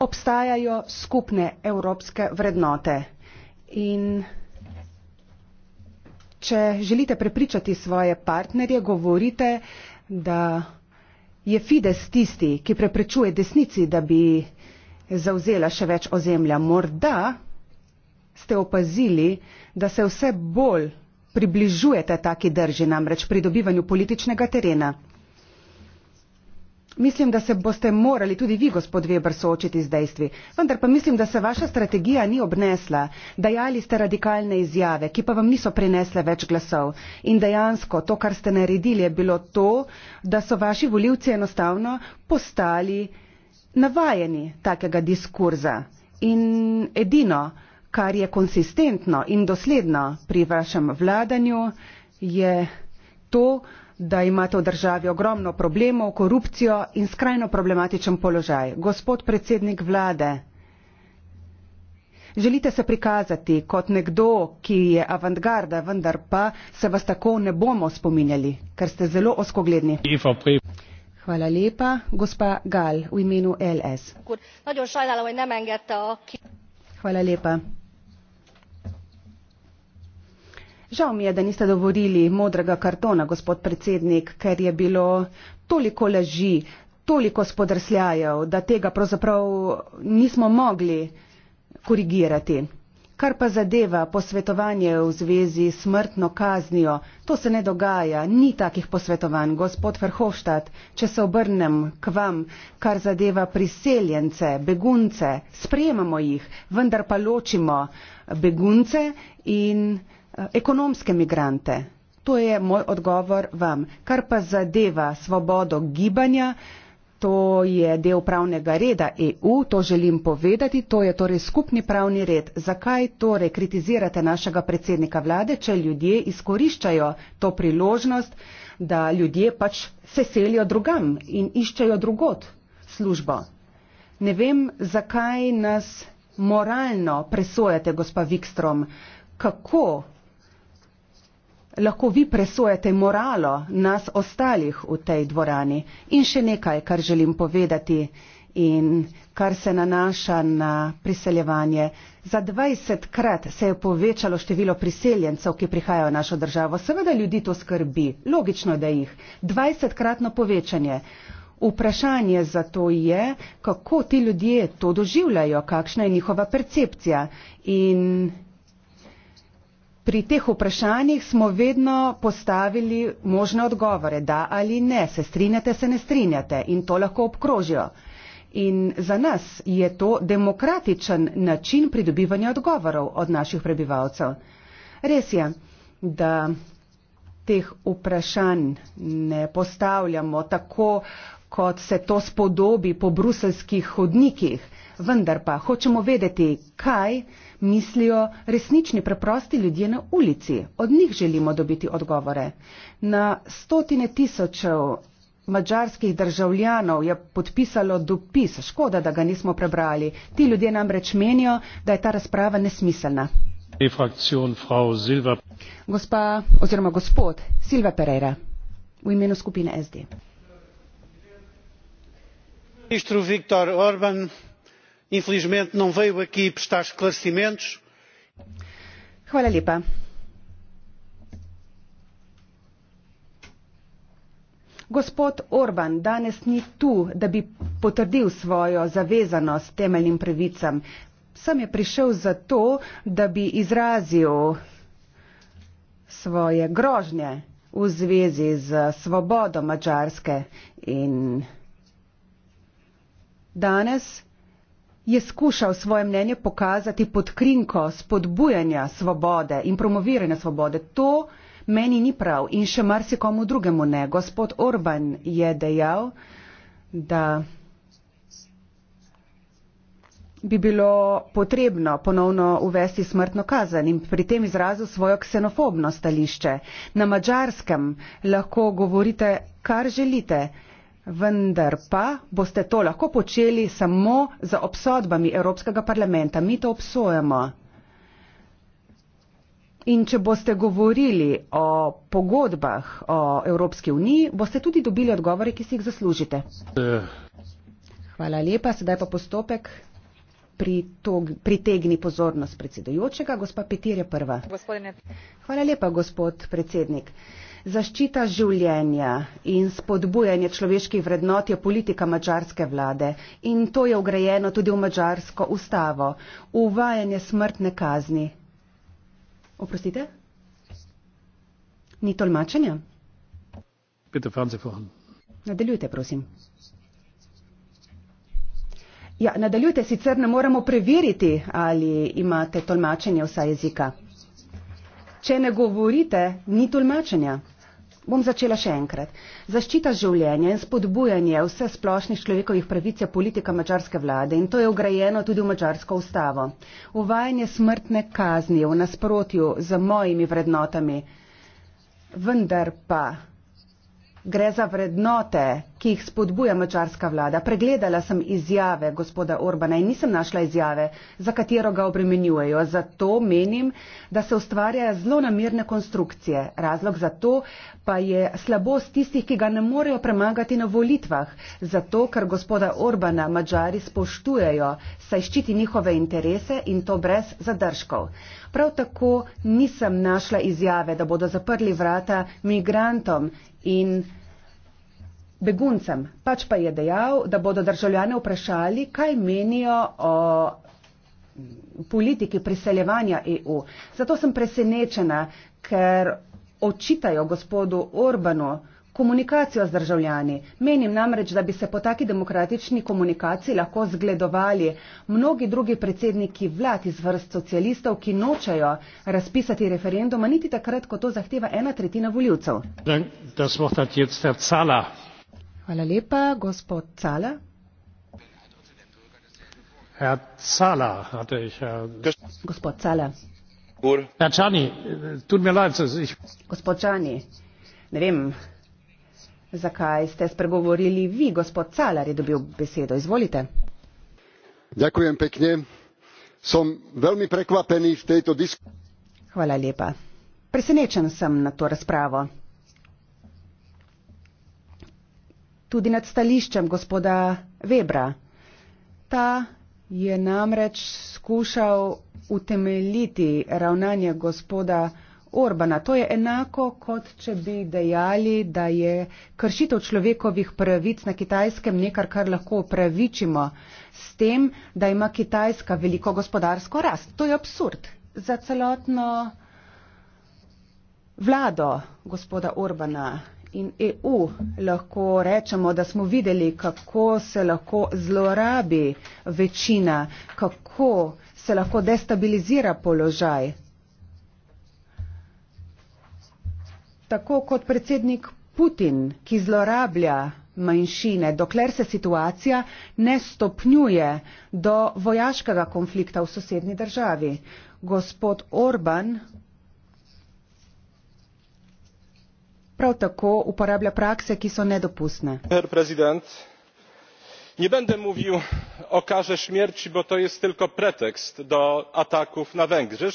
obstajajo skupne evropske vrednote in če želite prepričati svoje partnerje govorite da je fides tisti ki preprečuje desnici da bi zavzela še več ozemlja morda ste opazili, da se vse bolj približujete taki drži, namreč pridobivanju političnega terena. Mislim, da se boste morali tudi vi, gospod Weber, soočiti z dejstvi. Vendar pa mislim, da se vaša strategija ni obnesla. Dajali ste radikalne izjave, ki pa vam niso prinesle več glasov. In dejansko to, kar ste naredili, je bilo to, da so vaši voljivci enostavno postali navajeni takega diskurza. In edino, kar je konsistentno in dosledno pri vašem vladanju, je to, da imate v državi ogromno problemov, korupcijo in skrajno problematičen položaj. Gospod predsednik vlade, želite se prikazati kot nekdo, ki je avantgarda, vendar pa se vas tako ne bomo spominjali, ker ste zelo oskogledni. Hvala lepa, gospa Gal, v imenu LS. Hvala lepa. Žal mi je, da niste dovolili modrega kartona, gospod predsednik, ker je bilo toliko laži, toliko spodrsljajev, da tega pravzaprav nismo mogli korigirati. Kar pa zadeva posvetovanje v zvezi s smrtno kaznijo, to se ne dogaja, ni takih posvetovanj. Gospod Verhoštat, če se obrnem k vam, kar zadeva priseljence, begunce, sprejemamo jih, vendar pa ločimo begunce in. Eh, ekonomske migrante. To je moj odgovor vam. Kar pa zadeva svobodo gibanja, to je del pravnega reda EU, to želim povedati, to je torej skupni pravni red. Zakaj torej kritizirate našega predsednika vlade, če ljudje izkoriščajo to priložnost, da ljudje pač se selijo drugam in iščejo drugot službo? Ne vem, zakaj nas moralno presojate, gospa Vikstrom, kako lahko vi presojate moralo nas ostalih v tej dvorani. In še nekaj, kar želim povedati in kar se nanaša na priseljevanje. Za 20 krat se je povečalo število priseljencev, ki prihajajo v našo državo. Seveda ljudi to skrbi, logično da jih. 20 kratno povečanje. Vprašanje za to je, kako ti ljudje to doživljajo, kakšna je njihova percepcija. In pri teh vprašanjih smo vedno postavili možne odgovore, da ali ne, se strinjate, se ne strinjate in to lahko obkrožijo. In za nas je to demokratičen način pridobivanja odgovorov od naših prebivalcev. Res je, da teh vprašanj ne postavljamo tako kot se to spodobi po bruselskih hodnikih. Vendar pa hočemo vedeti, kaj mislijo resnični preprosti ljudje na ulici. Od njih želimo dobiti odgovore. Na stotine tisočev mađarskih državljanov je podpisalo dopis, škoda, da ga nismo prebrali. Ti ljudje namreč menijo, da je ta razprava nesmiselna. Gospa oziroma gospod Silva Pereira v imenu skupine SD ministro viktor orbn infelizmente não veio aqui prestar esclarecimentos Gospod Orban danes ni tu, da bi potrdil svojo zavezanost temeljnim pravicam. Sam je prišel zato, da bi izrazil svoje grožnje v zvezi z svobodo Mačarske in Danes je skušal svoje mnenje pokazati pod krinko spodbujanja svobode in promoviranja svobode. To meni ni prav in še marsikomu drugemu ne. Gospod Orban je dejal, da bi bilo potrebno ponovno uvesti smrtno kazen in pri tem izrazil svojo ksenofobno stališče. Na mačarskem lahko govorite, kar želite. Vendar pa boste to lahko počeli samo za obsodbami Evropskega parlamenta. Mi to obsojamo. In če boste govorili o pogodbah o Evropski uniji, boste tudi dobili odgovore, ki si jih zaslužite. Hvala lepa. Sedaj pa postopek pritegni pozornost predsedujočega. Gospa Petir je prva. Gospodine. Hvala lepa, gospod predsednik. Zaščita življenja in spodbujanje človeških vrednot je politika mačarske vlade in to je ugrajeno tudi v mačarsko ustavo. Uvajanje smrtne kazni. Oprostite? Ni tolmačenja? Nadaljujte, prosim. Ja, nadaljujte, sicer ne moremo preveriti, ali imate tolmačenje vsa jezika. Če ne govorite, ni tolmačenja. Bom začela še enkrat. Zaščita življenja in spodbujanje vse splošnih človekovih pravic je politika mačarske vlade in to je ugrajeno tudi v mačarsko ustavo. Uvajanje smrtne kazni je v nasprotju z mojimi vrednotami. Vendar pa gre za vrednote ki jih spodbuja mačarska vlada. Pregledala sem izjave gospoda Orbana in nisem našla izjave, za katero ga obremenjujejo. Zato menim, da se ustvarjajo zelo namirne konstrukcije. Razlog za to pa je slabost tistih, ki ga ne morejo premagati na volitvah. Zato, ker gospoda Orbana mačari spoštujejo, saj ščiti njihove interese in to brez zadržkov. Prav tako nisem našla izjave, da bodo zaprli vrata migrantom in beguncem, pač pa je dejal, da bodo državljane vprašali, kaj menijo o politiki priseljevanja EU. Zato sem presenečena, ker očitajo gospodu Orbanu komunikacijo z državljani. Menim namreč, da bi se po taki demokratični komunikaciji lahko zgledovali mnogi drugi predsedniki vlad iz vrst socialistov, ki nočajo razpisati referenduma, niti takrat, ko to zahteva ena tretjina voljivcev. Da, da Hvala lepa. Gospod Cala. Herr Zala hatte ich. Äh, Gospod Zala. Gur. Herr Cani, tut mir leid, dass ich. Gospod Cani, ne vem, zakaj ste spregovorili vi, gospod Calar je dobil besedo. Izvolite. Dziękuję pekne. Som veľmi prekvapený v tejto diskusii. Hvala lepa. Presenečen sem na to razpravo. tudi nad stališčem gospoda Webra. Ta je namreč skušal utemeljiti ravnanje gospoda Orbana. To je enako, kot če bi dejali, da je kršitev človekovih pravic na kitajskem nekaj, kar lahko upravičimo s tem, da ima kitajska veliko gospodarsko rast. To je absurd za celotno vlado gospoda Orbana in EU lahko rečemo, da smo videli, kako se lahko zlorabi večina, kako se lahko destabilizira položaj. Tako kot predsednik Putin, ki zlorablja manjšine, dokler se situacija ne stopnjuje do vojaškega konflikta v sosednji državi. Gospod Orban prav tako uporablja prakse ki so nedopustne. nie będę mówił o karze śmierci bo to jest tylko pretekst do ataków na węgry.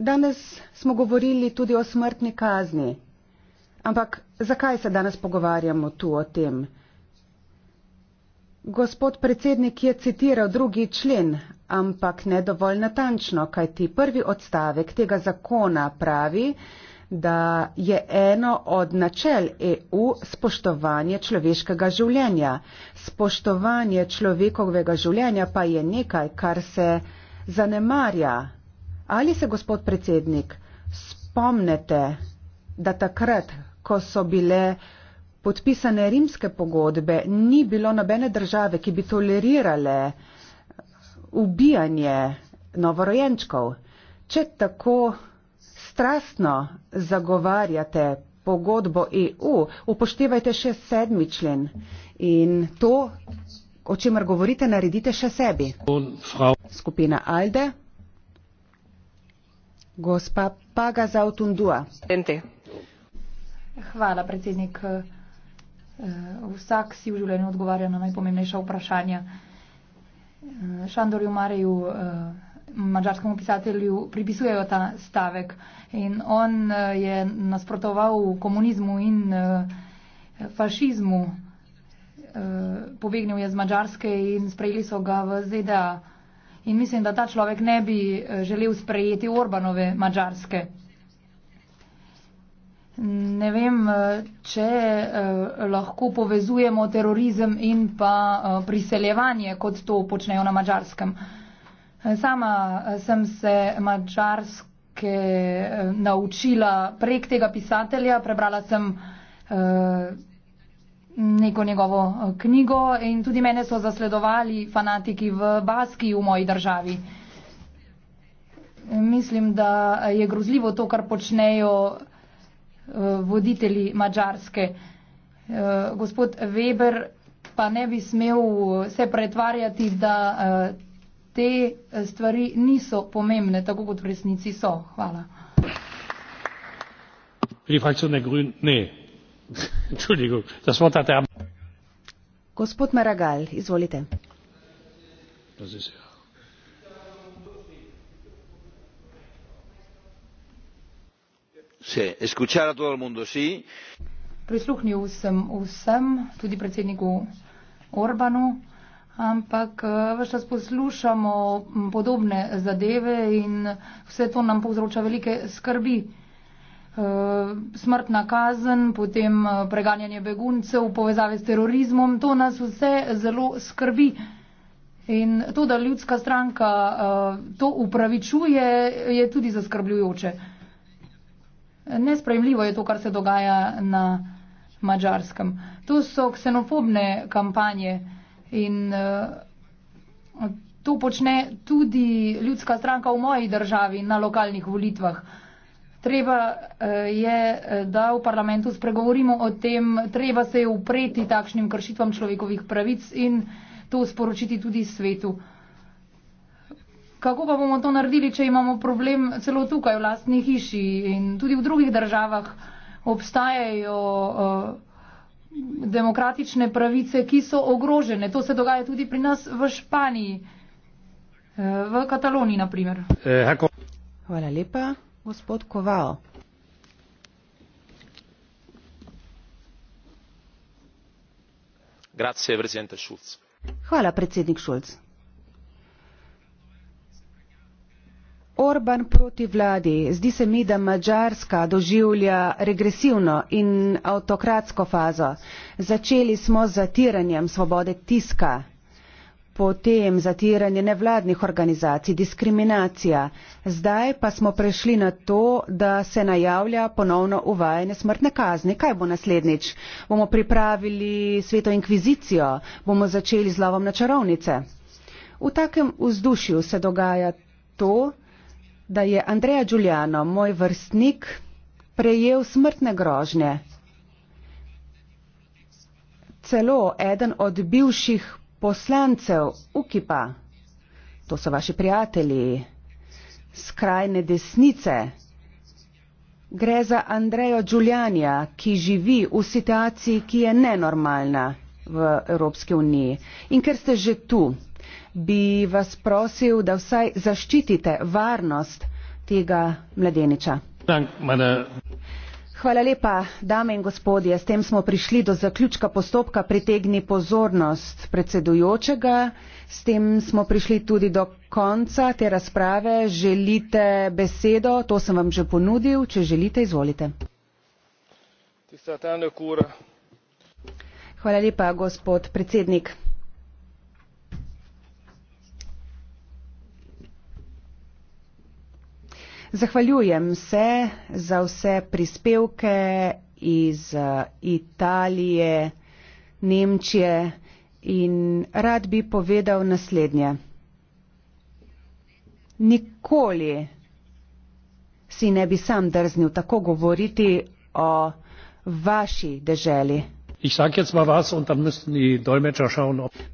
danes smo govorili tudi o smrtni kazni ampak zakaj se danes pogovarjamo tu o tem? gospod predsednik je citiral drugi člen ampak ne dovolj natančno, kajti prvi odstavek tega zakona pravi, da je eno od načel EU spoštovanje človeškega življenja. Spoštovanje človekovega življenja pa je nekaj, kar se zanemarja. Ali se, gospod predsednik, spomnite, da takrat, ko so bile podpisane rimske pogodbe, ni bilo nobene države, ki bi tolerirale ubijanje novorojenčkov. Če tako strastno zagovarjate pogodbo EU, upoštevajte še sedmi člen in to, o čemer govorite, naredite še sebi. Skupina Alde. Gospa Paga za Otundua. Hvala, predsednik. Eh, vsak si v življenju odgovarja na najpomembnejša vprašanja. Šandorju Mareju, eh, mađarskemu pisatelju, pripisujejo ta stavek. In on eh, je nasprotoval komunizmu in eh, fašizmu. Pobegnil je z Mađarske in sprejeli so ga v ZDA. In mislim, da ta človek ne bi želel sprejeti Orbanove Mađarske. Ne vem, eh, če eh, lahko povezujemo terorizem in pa eh, priseljevanje, kot to počnejo na mačarskem. Sama sem se mačarske naučila prek tega pisatelja, prebrala sem neko njegovo knjigo in tudi mene so zasledovali fanatiki v Baski v moji državi. Mislim, da je grozljivo to, kar počnejo Eh, voditelji Mačarske. Eh, gospod Weber pa ne bi smel eh, se pretvarjati, da te stvari niso pomembne, tako kot v resnici so. Hvala. Gospod Maragal, izvolite. prisluhnil sem vsem tudi predsedniku orbanu ampak eh, vse čas poslušamo podobne zadeve in vse to nam povzroča velike skrbi eh, smrtna kazen, potem eh, preganjanje beguncev, povezave s terorizmom, to nas vse zelo skrbi. In to, da ljudska stranka to upravičuje, je tudi zaskrbljujoče. Nespremljivo je to, kar se dogaja na mačarskem. To so ksenofobne kampanje in eh, to počne tudi ljudska stranka v moji državi na lokalnih volitvah. Treba eh, je, eh, da v parlamentu spregovorimo o tem, treba se je upreti takšnim kršitvam človekovih pravic in to sporočiti tudi svetu kako pa bomo to naredili, če imamo problem celo tukaj v lastni hiši in tudi v drugih državah obstajajo eh, demokratične pravice, ki so ogrožene. To se dogaja tudi pri nas v Španiji, eh, v Kataloniji na primer. Eh, Hvala lepa, gospod Koval. Hvala, predsednik Šulc. Orban proti vladi. Zdi se mi, da Mačarska doživlja regresivno in avtokratsko fazo. Začeli smo z zatiranjem svobode tiska, potem zatiranje nevladnih organizacij, diskriminacija. Zdaj pa smo prešli na to, da se najavlja ponovno uvajanje smrtne kazni. Kaj bo naslednjič? Bomo pripravili sveto inkvizicijo, bomo začeli z lovom na čarovnice. V takem vzdušju se dogaja to, da je Andreja Giuliano, moj vrstnik, prejel smrtne grožnje. Celo eden od bivših poslancev UKIP-a, to so vaši prijatelji, skrajne desnice, gre za Andrejo Giulianija, ki živi v situaciji, ki je nenormalna v Evropski uniji. In ker ste že tu, bi vas prosil, da vsaj zaščitite varnost tega mladeniča. Hvala lepa, dame in gospodje. S tem smo prišli do zaključka postopka pritegni pozornost predsedujočega. S tem smo prišli tudi do konca te razprave. Želite besedo? To sem vam že ponudil. Če želite, izvolite. Hvala lepa, gospod predsednik. Zahvaljujem se za vse prispevke iz eh, Italije, Nemčije in rad bi povedal naslednje. Nikoli si ne bi sam drznil tako govoriti o vaši deželi.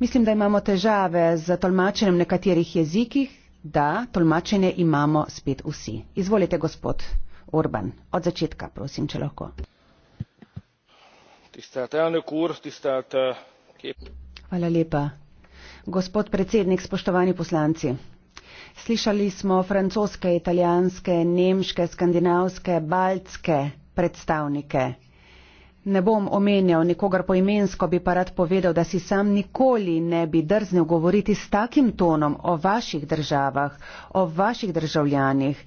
Mislim, da imamo težave z tolmačenjem nekaterih jezikih da tolmačenje imamo spet vsi. Izvolite, gospod Orban, od začetka, prosim, če lahko. Eh, Hvala lepa. Gospod predsednik, spoštovani poslanci. Slišali smo francoske, italijanske, nemške, skandinavske, baltske predstavnike. Ne bom omenjal nikogar poimensko, bi pa rad povedal, da si sam nikoli ne bi drznil govoriti s takim tonom o vaših državah, o vaših državljanih.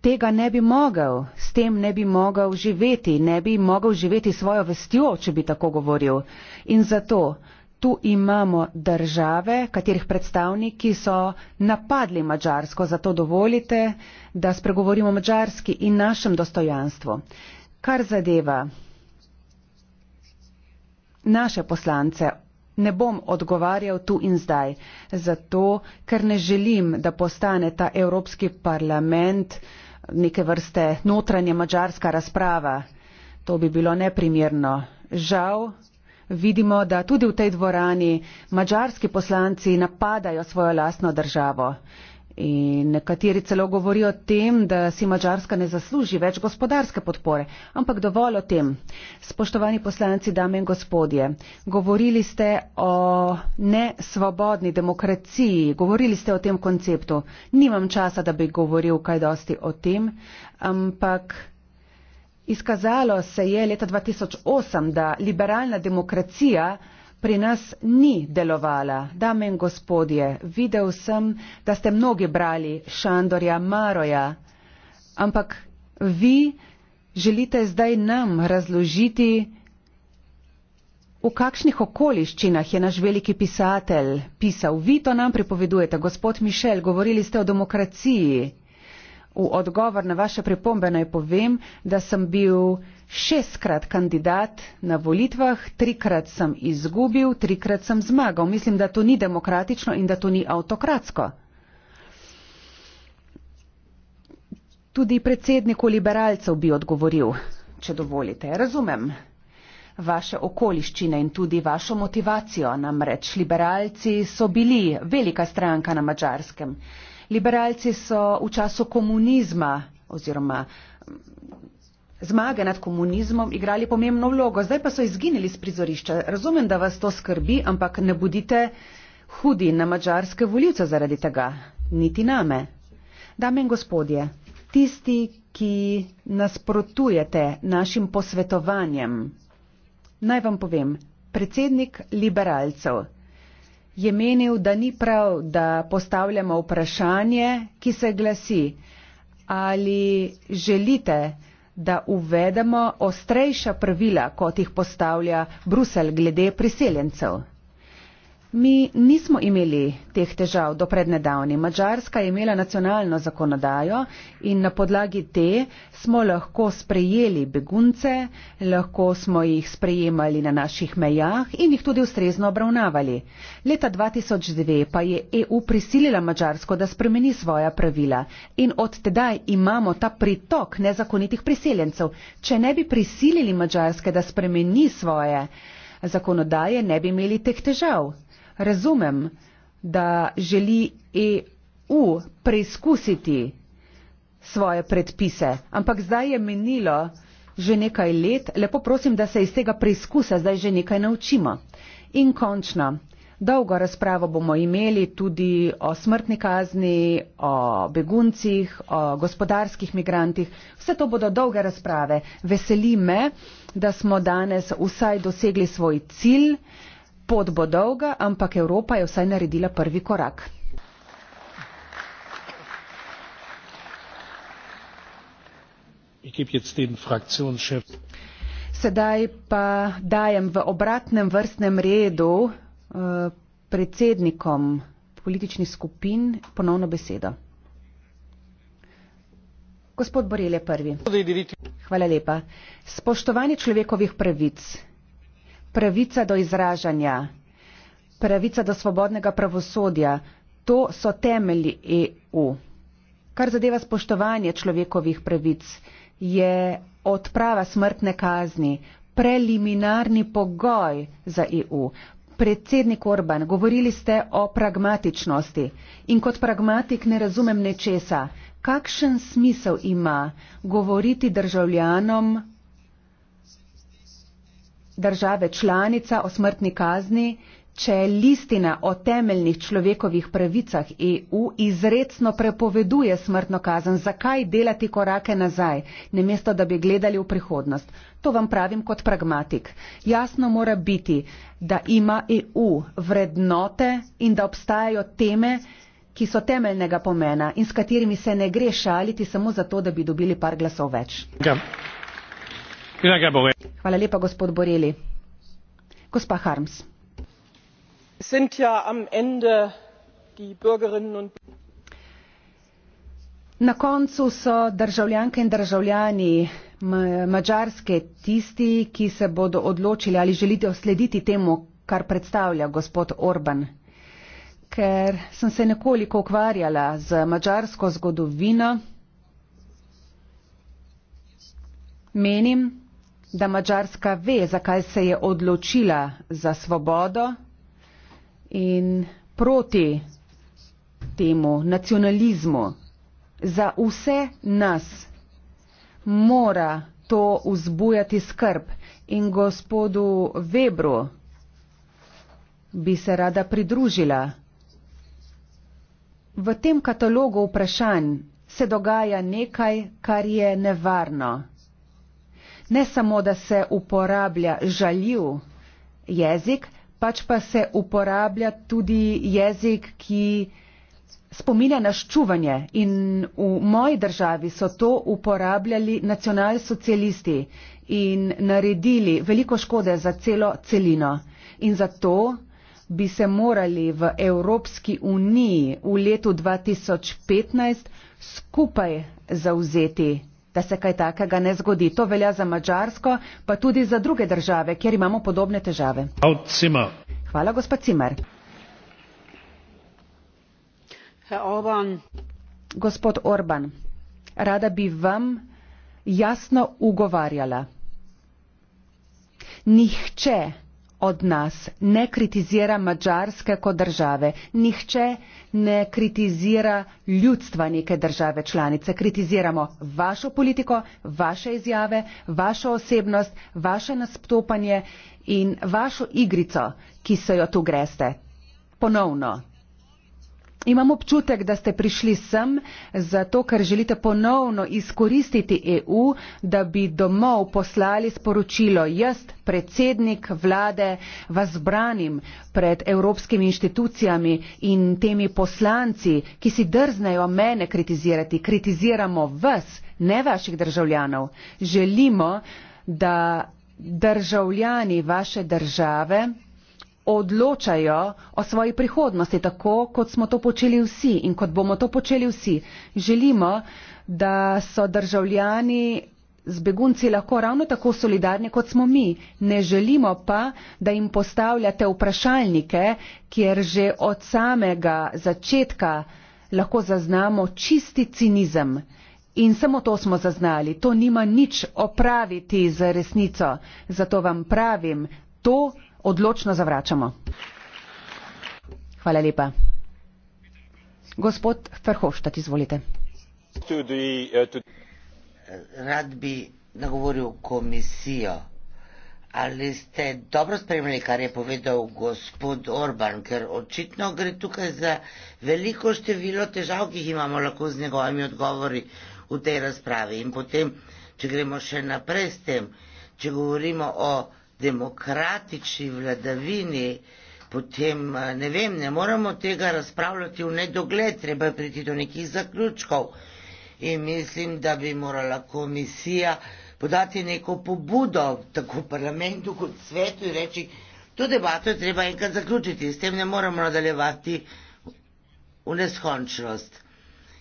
Tega ne bi mogel, s tem ne bi mogel živeti, ne bi mogel živeti svojo vestjo, če bi tako govoril. In zato tu imamo države, katerih predstavniki so napadli Mačarsko, zato dovolite, da spregovorimo mačarski in našem dostojanstvu. Kar zadeva naše poslance. Ne bom odgovarjal tu in zdaj, zato ker ne želim, da postane ta Evropski parlament neke vrste notranje mačarska razprava. To bi bilo neprimerno. Žal vidimo, da tudi v tej dvorani mačarski poslanci napadajo svojo lastno državo. In nekateri celo govorijo o tem, da si Mačarska ne zasluži več gospodarske podpore, ampak dovolj o tem. Spoštovani poslanci, dame in gospodje, govorili ste o nesvobodni demokraciji, govorili ste o tem konceptu. Nimam časa, da bi govoril kaj dosti o tem, ampak. Izkazalo se je leta 2008, da liberalna demokracija pri nas ni delovala. Dame in gospodje, videl sem, da ste mnogi brali Šandorja Maroja, ampak vi želite zdaj nam razložiti, v kakšnih okoliščinah je naš veliki pisatelj pisal. Vi to nam pripovedujete, gospod Mišel, govorili ste o demokraciji. V odgovor na vaše pripombe naj povem, da sem bil šestkrat kandidat na volitvah, trikrat sem izgubil, trikrat sem zmagal. Mislim, da to ni demokratično in da to ni avtokratsko. Tudi predsedniku liberalcev bi odgovoril, če dovolite. Razumem vaše okoliščine in tudi vašo motivacijo. Namreč liberalci so bili velika stranka na mačarskem. Liberalci so v času komunizma oziroma zmage nad komunizmom igrali pomembno vlogo, zdaj pa so izginili z prizorišča. Razumem, da vas to skrbi, ampak ne budite hudi na mačarske voljivce zaradi tega, niti name. Dame in gospodje, tisti, ki nasprotujete našim posvetovanjem, naj vam povem, predsednik liberalcev je menil, da ni prav, da postavljamo vprašanje, ki se glasi, ali želite, da uvedemo ostrejša pravila kot jih postavlja bruselj glede priseljencev. Mi nismo imeli teh težav do prednedavni. Mačarska je imela nacionalno zakonodajo in na podlagi te smo lahko sprejeli begunce, lahko smo jih sprejemali na naših mejah in jih tudi ustrezno obravnavali. Leta 2002 pa je EU prisilila Mačarsko, da spremeni svoja pravila in od tedaj imamo ta pritok nezakonitih priseljencev. Če ne bi prisilili Mačarske, da spremeni svoje zakonodaje, ne bi imeli teh težav razumem, da želi EU preizkusiti svoje predpise, ampak zdaj je menilo že nekaj let, lepo prosim, da se iz tega preizkusa zdaj že nekaj naučimo. In končno, dolgo razpravo bomo imeli tudi o smrtni kazni, o beguncih, o gospodarskih migrantih, vse to bodo dolge razprave. Veseli me, da smo danes vsaj dosegli svoj cilj. Pot bo dolga, ampak Evropa je vsaj naredila prvi korak. Sedaj pa dajem v obratnem vrstnem redu eh, predsednikom političnih skupin ponovno besedo. Gospod Borel je prvi. Hvala lepa. Spoštovanje človekovih pravic pravica do izražanja, pravica do svobodnega pravosodja, to so temelji EU. Kar zadeva spoštovanje človekovih pravic, je odprava smrtne kazni preliminarni pogoj za EU. Predsednik Orban, govorili ste o pragmatičnosti in kot pragmatik ne razumem nečesa. Kakšen smisel ima govoriti državljanom države članica o smrtni kazni, če listina o temeljnih človekovih pravicah EU izredno prepoveduje smrtno kazen, zakaj delati korake nazaj, namesto da bi gledali v prihodnost? To vam pravim kot pragmatik. Jasno mora biti, da ima EU vrednote in da obstajajo teme, ki so temeljnega pomena in s katerimi se ne gre šaliti samo zato, da bi dobili par glasov več. Yeah. Ja. Hvala lepa, gospod Boreli. Gospa Harms. Ja Na koncu so državljanke in državljani Mačarske tisti, ki se bodo odločili ali želite oslediti temu, kar predstavlja gospod Orban. Ker sem se nekoliko ukvarjala z mačarsko zgodovino, menim, da Mačarska ve, zakaj se je odločila za svobodo in proti temu nacionalizmu. Za vse nas mora to vzbujati skrb in gospodu Webru bi se rada pridružila. V tem katalogu vprašanj se dogaja nekaj, kar je nevarno ne samo, da se uporablja žaljiv jezik, pač pa se uporablja tudi jezik, ki spominja na ščuvanje. In v moji državi so to uporabljali nacionalsocialisti in naredili veliko škode za celo celino. In zato bi se morali v Evropski uniji v letu 2015 skupaj zauzeti. Da se kaj takega ne zgodi, to velja za Mačarsko, pa tudi za druge države, kjer imamo podobne težave. Hvala, gospod Cimer. Gospod Orban, rada bi vam jasno ugovarjala. Nihče od nas ne kritizira Mačarske kot države, nihče ne kritizira ljudstva neke države članice. Kritiziramo vašo politiko, vaše izjave, vašo osebnost, vaše nastopanje in vašo igrico, ki se jo tu greste. Ponovno. Imam občutek, da ste prišli sem, zato ker želite ponovno izkoristiti EU, da bi domov poslali sporočilo, jaz, predsednik vlade, vas branim pred evropskimi inštitucijami in temi poslanci, ki si drznajo mene kritizirati. Kritiziramo vas, ne vaših državljanov. Želimo, da državljani vaše države odločajo o svoji prihodnosti, tako kot smo to počeli vsi in kot bomo to počeli vsi. Želimo, da so državljani z begunci lahko ravno tako solidarni, kot smo mi. Ne želimo pa, da jim postavljate vprašalnike, kjer že od samega začetka lahko zaznamo čisti cinizem. In samo to smo zaznali. To nima nič opraviti z resnico. Zato vam pravim, to odločno zavračamo. Hvala lepa. Gospod Ferhoštat, izvolite. Rad bi nagovoril komisijo. Ali ste dobro spremljali, kar je povedal gospod Orban, ker očitno gre tukaj za veliko število težav, ki jih imamo lahko z njegovimi odgovori v tej razpravi. In potem, če gremo še naprej s tem, če govorimo o demokratični vladavini, potem eh, ne vem, ne moramo tega razpravljati v nedogled, treba je priti do nekih zaključkov. In mislim, da bi morala komisija podati neko pobudo tako parlamentu kot svetu in reči, to debato je treba enkrat zaključiti, s tem ne moramo nadaljevati v neskončnost.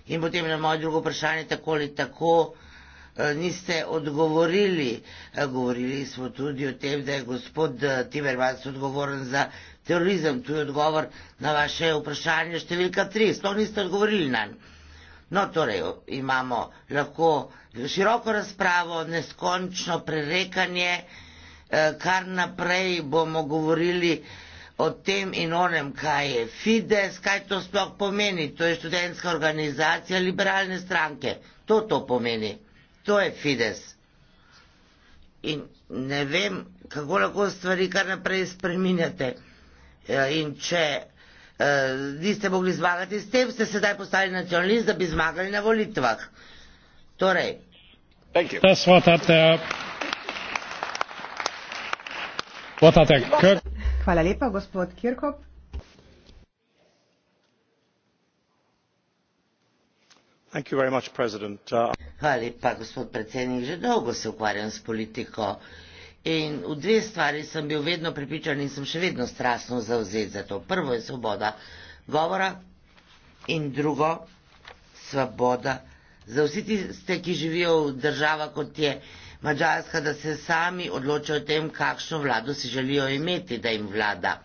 In potem na moje drugo vprašanje, tako ali tako, Eh, niste odgovorili. Eh, govorili smo tudi o tem, da je gospod eh, Timerman odgovoren za terorizem. Tu je odgovor na vaše vprašanje številka 3. To niste odgovorili na njem. No, torej imamo lahko široko razpravo, neskončno prerekanje, kar naprej bomo govorili o tem in onem, kaj je Fides, kaj to sploh pomeni. To je študentska organizacija liberalne stranke. To to pomeni to je Fides. In ne vem, kako lahko stvari kar naprej spreminjate. Ja, in če uh, niste mogli zmagati s tem, ste sedaj postali nacionalist, da bi zmagali na volitvah. Torej. Hvala lepa, gospod Kirkop. Uh, gospod predsednik že dolgo se ukvarjam s politiko in v dve stvari sem bil vedno prepričan in sem še vedno strastno zauzet za to prvo je svoboda govora in drugo svoboda za vsi tiste ki živijo v državah kot je mađarska da se sami odločajo o tem kakšno vlado si želijo imeti da jim vlada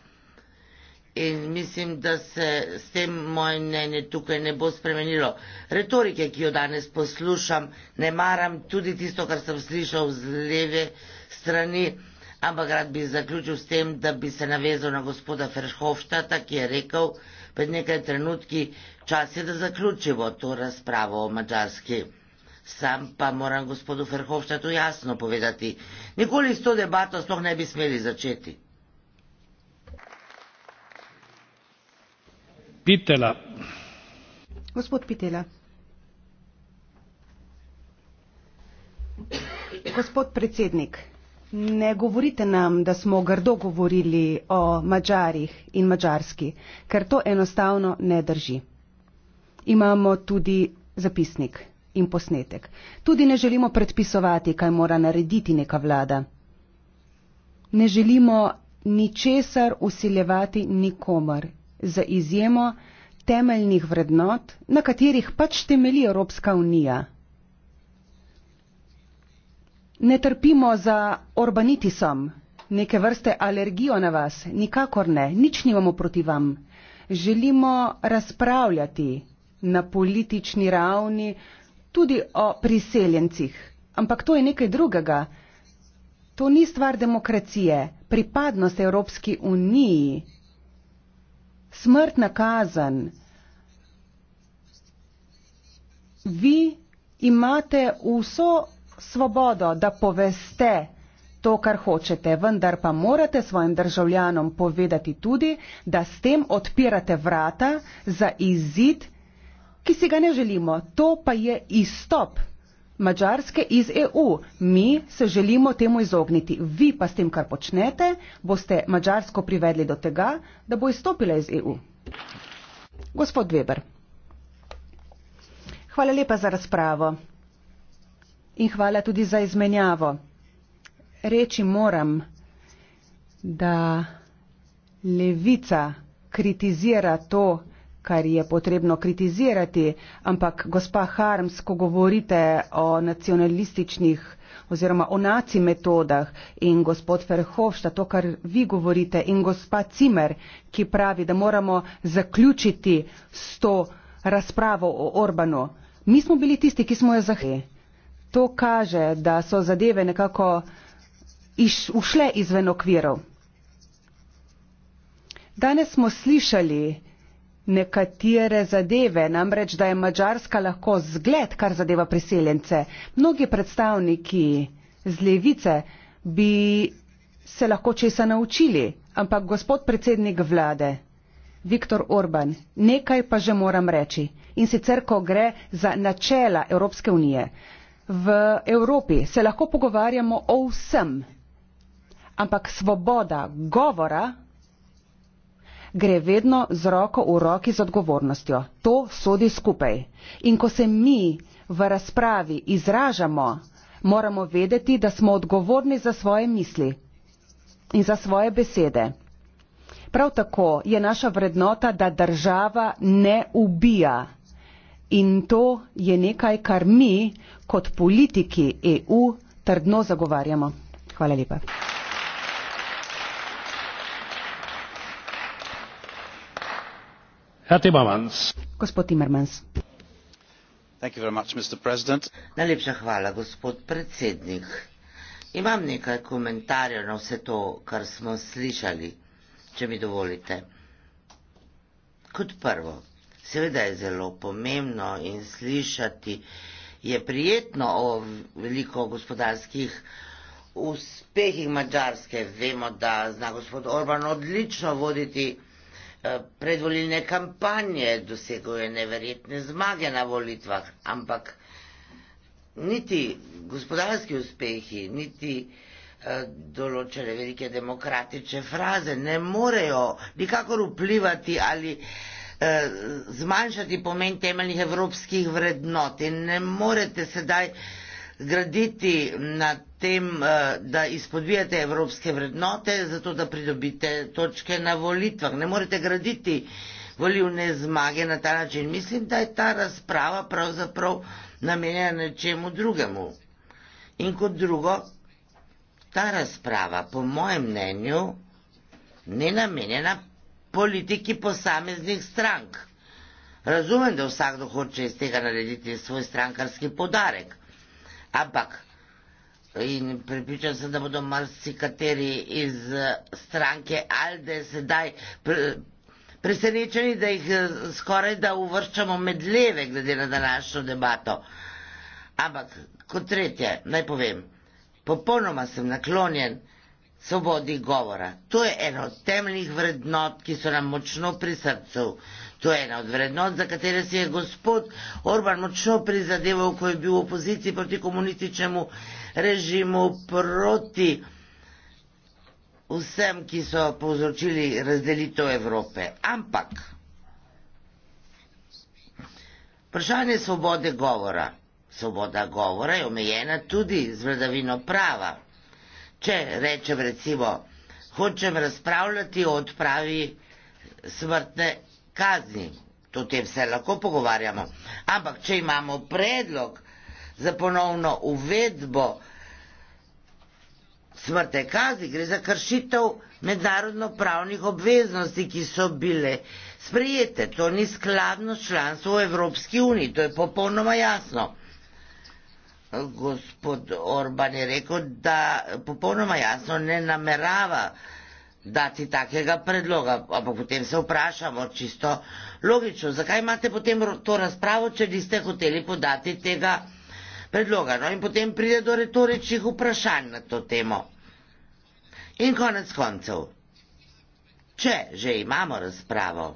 in mislim, da se s tem moje mnenje tukaj ne bo spremenilo. Retorike, ki jo danes poslušam, ne maram tudi tisto, kar sem slišal z leve strani, ampak rad bi zaključil s tem, da bi se navezal na gospoda Ferhofštata, ki je rekel pred nekaj trenutki, čas je, da zaključimo to razpravo o Mačarski. Sam pa moram gospodu Ferhofštatu jasno povedati, nikoli s to debato sploh ne bi smeli začeti. Pitela. Gospod Pitela. Gospod predsednik, ne govorite nam, da smo grdo govorili o Mačarih in Mačarski, ker to enostavno ne drži. Imamo tudi zapisnik in posnetek. Tudi ne želimo predpisovati, kaj mora narediti neka vlada. Ne želimo ničesar usiljevati nikomor z izjemo temeljnih vrednot, na katerih pač temelji Evropska unija. Ne trpimo za orbanitisom, neke vrste alergijo na vas, nikakor ne, nič nimamo proti vam. Želimo razpravljati na politični ravni tudi o priseljencih, ampak to je nekaj drugega. To ni stvar demokracije, pripadnost Evropski uniji smrtna kazen. Vi imate vso svobodo, da poveste to, kar hočete, vendar pa morate svojim državljanom povedati tudi, da s tem odpirate vrata za izid, ki si ga ne želimo. To pa je izstop. Mačarske iz EU. Mi se želimo temu izogniti. Vi pa s tem, kar počnete, boste Mačarsko privedli do tega, da bo izstopila iz EU. Gospod Weber, hvala lepa za razpravo in hvala tudi za izmenjavo. Reči moram, da levica kritizira to, kar je potrebno kritizirati, ampak gospa Harms, ko govorite o nacionalističnih oziroma o naci metodah in gospod Ferhovšta, to, kar vi govorite in gospa Cimer, ki pravi, da moramo zaključiti s to razpravo o Orbanu, mi smo bili tisti, ki smo jo zahtevali. To kaže, da so zadeve nekako iš, ušle izven okvirov. Danes smo slišali, nekatere zadeve, namreč da je Mačarska lahko zgled, kar zadeva priseljence. Mnogi predstavniki z levice bi se lahko česa naučili, ampak gospod predsednik vlade, Viktor Orban, nekaj pa že moram reči. In sicer, ko gre za načela Evropske unije. V Evropi se lahko pogovarjamo o vsem, ampak svoboda govora gre vedno z roko v roki z odgovornostjo. To sodi skupaj. In ko se mi v razpravi izražamo, moramo vedeti, da smo odgovorni za svoje misli in za svoje besede. Prav tako je naša vrednota, da država ne ubija. In to je nekaj, kar mi kot politiki EU trdno zagovarjamo. Hvala lepa. Ja, Najlepša hvala, gospod predsednik. Imam nekaj komentarjev na vse to, kar smo slišali, če mi dovolite. Kot prvo, seveda je zelo pomembno in slišati je prijetno o veliko gospodarskih uspehih Mačarske. Vemo, da zna gospod Orban odlično voditi Eh, predvoljene kampanje, dosegel je neverjetne zmage na volitvah, ampak niti gospodarski uspehi, niti eh, določene velike demokratične fraze ne morejo nikakor vplivati ali eh, zmanjšati pomen temeljnih evropskih vrednot in ne morete sedaj uh, graditi na tem, eh, da izpodbijate evropske vrednote, zato da pridobite točke na volitvah. Ne morete graditi volivne zmage na ta način. Mislim, da je ta razprava pravzaprav namenjena nečemu drugemu. In kot drugo, ta razprava, po mojem mnenju, ni namenjena politiki posameznih strank. Razumem, da vsakdo hoče iz tega narediti svoj strankarski podarek, ampak in pripričan sem, da bodo marsi kateri iz stranke Alde sedaj pr presenečeni, da jih skoraj da uvrščamo med leve, glede na današnjo debato. Ampak kot tretje, naj povem, popolnoma sem naklonjen svobodi govora. To je eno od temeljnih vrednot, ki so nam močno pri srcu. Uh, To je ena od vrednot, za katere si je gospod Orban močno prizadeval, ko je bil v opoziciji proti komunističnemu režimu, proti vsem, ki so povzročili razdelitev Evrope. Ampak vprašanje svobode govora. Svoboda govora je omejena tudi z vladavino prava. Če rečem recimo, hočem razpravljati o odpravi smrtne kazni, o tem se lahko pogovarjamo. Ampak, če imamo predlog za ponovno uvedbo smrte kazni, gre za kršitev mednarodno pravnih obveznosti, ki so bile sprijete. To ni skladno članstvo v Evropski uniji, to je popolnoma jasno. Gospod Orban je rekel, da popolnoma jasno ne namerava dati takega predloga, ampak potem se vprašamo čisto logično, zakaj imate potem to razpravo, če niste hoteli podati tega predloga. No in potem pride do retoričnih vprašanj na to temo. In konec koncev, če že imamo razpravo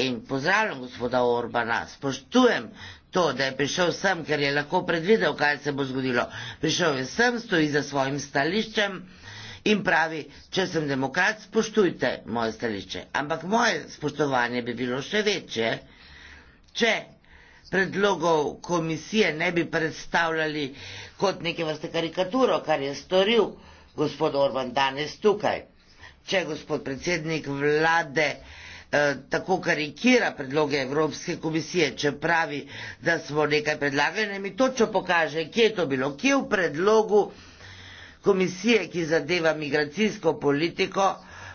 in pozdravljam gospoda Orbana, spoštujem to, da je prišel sem, ker je lahko predvidel, kaj se bo zgodilo. Prišel je sem, stoji za svojim stališčem, in pravi, če sem demokrat, spoštujte moje stališče. Ampak moje spoštovanje bi bilo še večje, če predlogov komisije ne bi predstavljali kot neke vrste karikaturo, kar je storil gospod Orban danes tukaj. Če gospod predsednik vlade eh, tako karikira predloge Evropske komisije, če pravi, da smo nekaj predlagali, mi točno pokaže, kje je to bilo, kje je v predlogu komisije, ki zadeva migracijsko politiko,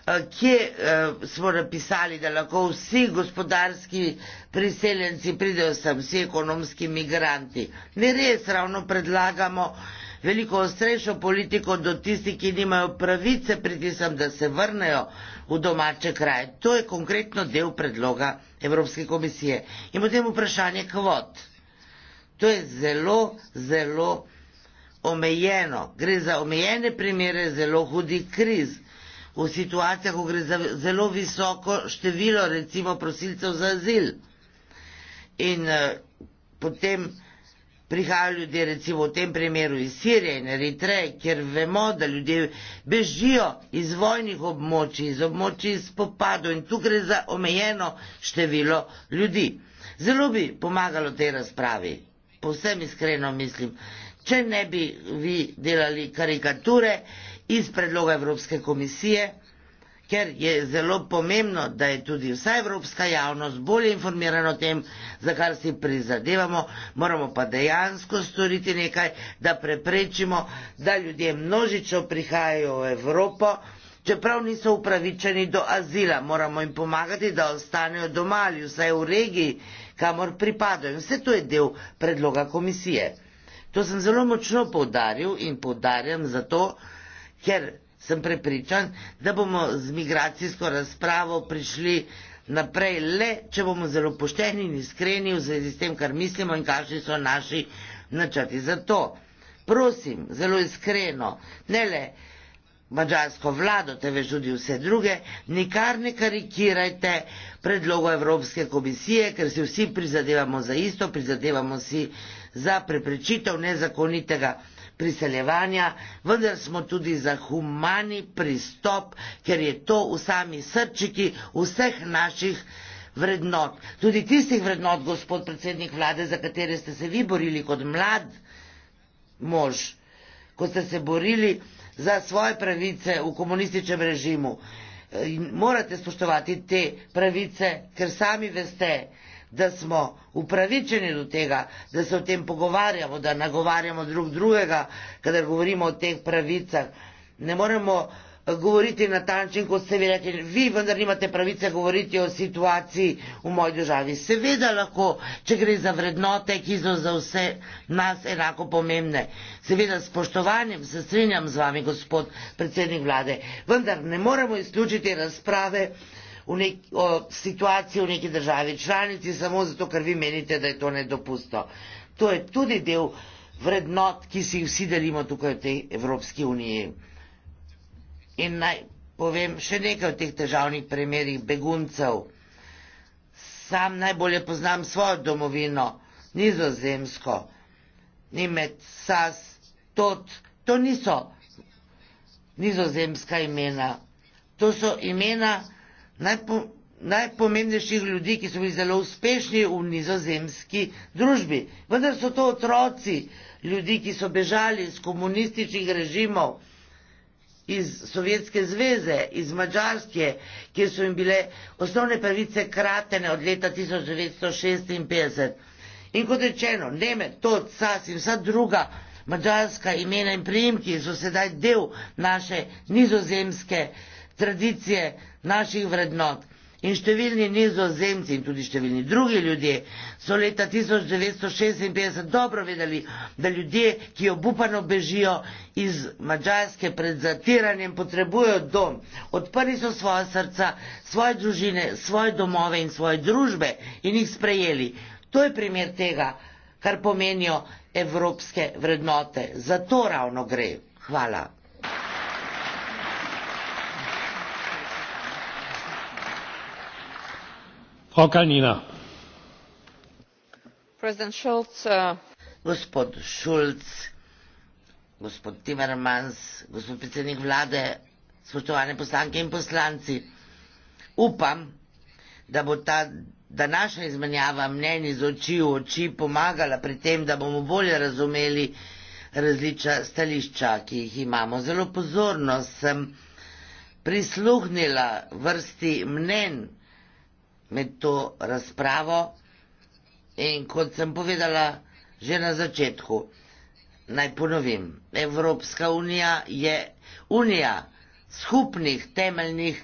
eh, kje eh, smo napisali, da lahko vsi gospodarski priseljenci pridejo sem, vsi ekonomski migranti. Ne res ravno predlagamo veliko ostrejšo politiko do tistih, ki nimajo pravice priti sem, da se vrnejo v domače kraje. To je konkretno del predloga Evropske komisije. In potem vprašanje kvot. To je zelo, zelo omejeno, gre za omejene primere zelo hudih kriz. V situacijah, ko gre za zelo visoko število, recimo, prosilcev za azil. In eh, potem prihajajo ljudje, recimo v tem primeru iz Sirije in Eritreje, kjer vemo, da ljudje bežijo iz vojnih območij, iz območij spopadov in tu gre za omejeno število ljudi. Zelo bi pomagalo tej razpravi, povsem iskreno mislim če ne bi vi delali karikature iz predloga Evropske komisije, ker je zelo pomembno, da je tudi vsa evropska javnost bolje informirana o tem, za kar si prizadevamo, moramo pa dejansko storiti nekaj, da preprečimo, da ljudje množično prihajajo v Evropo, čeprav niso upravičeni do azila, moramo jim pomagati, da ostanejo doma ali vsaj v regiji, kamor pripadajo. Vse to je del predloga komisije. To sem zelo močno poudaril in poudarjam zato, ker sem prepričan, da bomo z migracijsko razpravo prišli naprej le, če bomo zelo pošteni in iskreni v zvezi s tem, kar mislimo in kakšni so naši načrti. Zato prosim zelo iskreno, ne le mađarsko vlado, te veš tudi vse druge, nikar ne karikirajte predlogo Evropske komisije, ker si vsi prizadevamo za isto, prizadevamo si za preprečitev nezakonitega priseljevanja, vendar smo tudi za humani pristop, ker je to v sami srčiki vseh naših vrednot. Tudi tistih vrednot, gospod predsednik vlade, za katere ste se vi borili kot mlad mož, ko ste se borili za svoje pravice v komunističnem režimu. In morate spoštovati te pravice, ker sami veste, da smo upravičeni do tega, da se o tem pogovarjamo, da nagovarjamo drug drugega, kadar govorimo o teh pravicah. Ne moremo eh, govoriti na ta način, kot ste vi rekli, vi vendar nimate pravice govoriti o situaciji v moji državi. Seveda lahko, če gre za vrednote, ki so za vse nas enako pomembne. Seveda s spoštovanjem se strinjam z vami, gospod predsednik vlade, vendar ne moremo izključiti razprave, v nek, o situaciji v neki državi članici, samo zato, ker vi menite, da je to nedopustno. To je tudi del vrednot, ki si jih vsi delimo tukaj v tej Evropski uniji. In naj povem še nekaj o teh težavnih primerih beguncev. Sam najbolje poznam svojo domovino, nizozemsko, nimet, sas, tot, to niso nizozemska imena. To so imena, Najpo, najpomembnejših ljudi, ki so bili zelo uspešni v nizozemski družbi. Vendar so to otroci ljudi, ki so bežali iz komunističnih režimov, iz Sovjetske zveze, iz Mačarske, kjer so jim bile osnovne pravice kratene od leta 1956. In kot rečeno, Neme, Tod, Sas in vsa druga mačarska imena in priimki so sedaj del naše nizozemske tradicije naših vrednot. In številni nizozemci in tudi številni drugi ljudje so leta 1956 dobro vedeli, da ljudje, ki obupano bežijo iz Mačarske pred zatiranjem, potrebujejo dom. Odprli so svoje srca, svoje družine, svoje domove in svoje družbe in jih sprejeli. To je primer tega, kar pomenijo evropske vrednote. Za to ravno gre. Hvala. Uh, gospod schulz gospod timmermans gospod predsednik vlade spoštovane poslanke in poslanci upam da bo ta današnja izmenjava mnenj iz oči v oči pomagala pri tem da bomo bolje razumeli različna stališča ki jih imamo zelo pozorno sem prisluhnila vrsti mnenj med to razpravo. In kot sem povedala že na začetku, naj ponovim, Evropska unija je unija skupnih temeljnih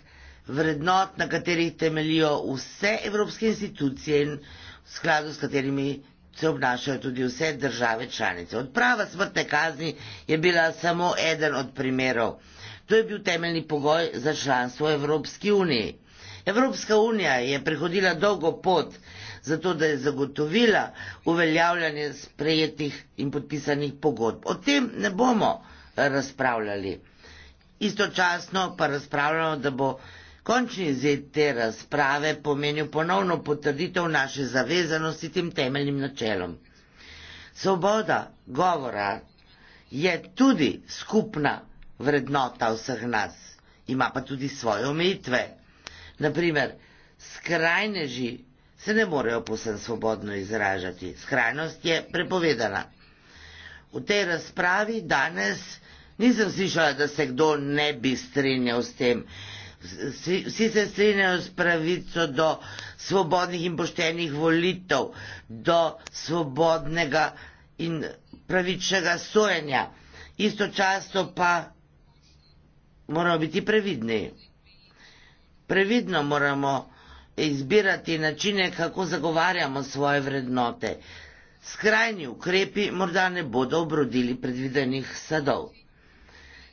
vrednot, na katerih temeljijo vse evropske institucije in v skladu s katerimi se obnašajo tudi vse države članice. Odprava smrtne kazni je bila samo eden od primerov. To je bil temeljni pogoj za članstvo v Evropski uniji Evropska unija je prehodila dolgo pot, zato da je zagotovila uveljavljanje sprejetih in podpisanih pogodb. O tem ne bomo razpravljali. Istočasno pa razpravljamo, da bo končni izid te razprave pomenil ponovno potrditev naše zavezanosti tem temeljnim načelom. Svoboda govora je tudi skupna vrednota vseh nas, ima pa tudi svoje omejitve. Naprimer, skrajneži se ne morejo posem svobodno izražati. Skrajnost je prepovedana. V tej razpravi danes nisem slišala, da se kdo ne bi strinjal s tem. Vsi, vsi se strinjajo s pravico do svobodnih in poštenih volitev, do svobodnega in pravičnega sojenja. Istočasno pa moramo biti previdni previdno moramo izbirati načine, kako zagovarjamo svoje vrednote. Skrajni ukrepi morda ne bodo obrodili predvidenih sadov.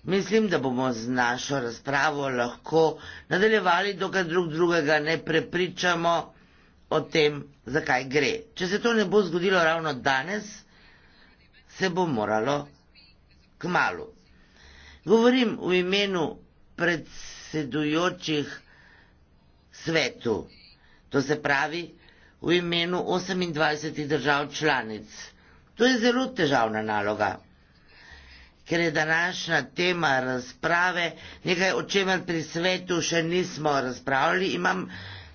Mislim, da bomo z našo razpravo lahko nadaljevali, dokaj drug drugega ne prepričamo o tem, zakaj gre. Če se to ne bo zgodilo ravno danes, se bo moralo k malu. Govorim v imenu predsedujočih svetu. To se pravi v imenu 28 držav članic. To je zelo težavna naloga, ker je današnja tema razprave nekaj, o čemer pri svetu še nismo razpravljali. Imam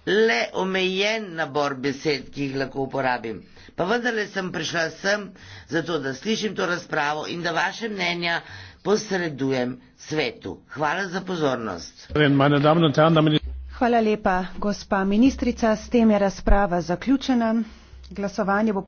le omejen nabor besed, ki jih lahko uporabim. Pa vendarle sem prišla sem, zato da slišim to razpravo in da vaše mnenja posredujem svetu. Hvala za pozornost. Hvala za pozornost. Hvala lepa, gospa ministrica. S tem je razprava zaključena. Glasovanje bo potekalo v sredo.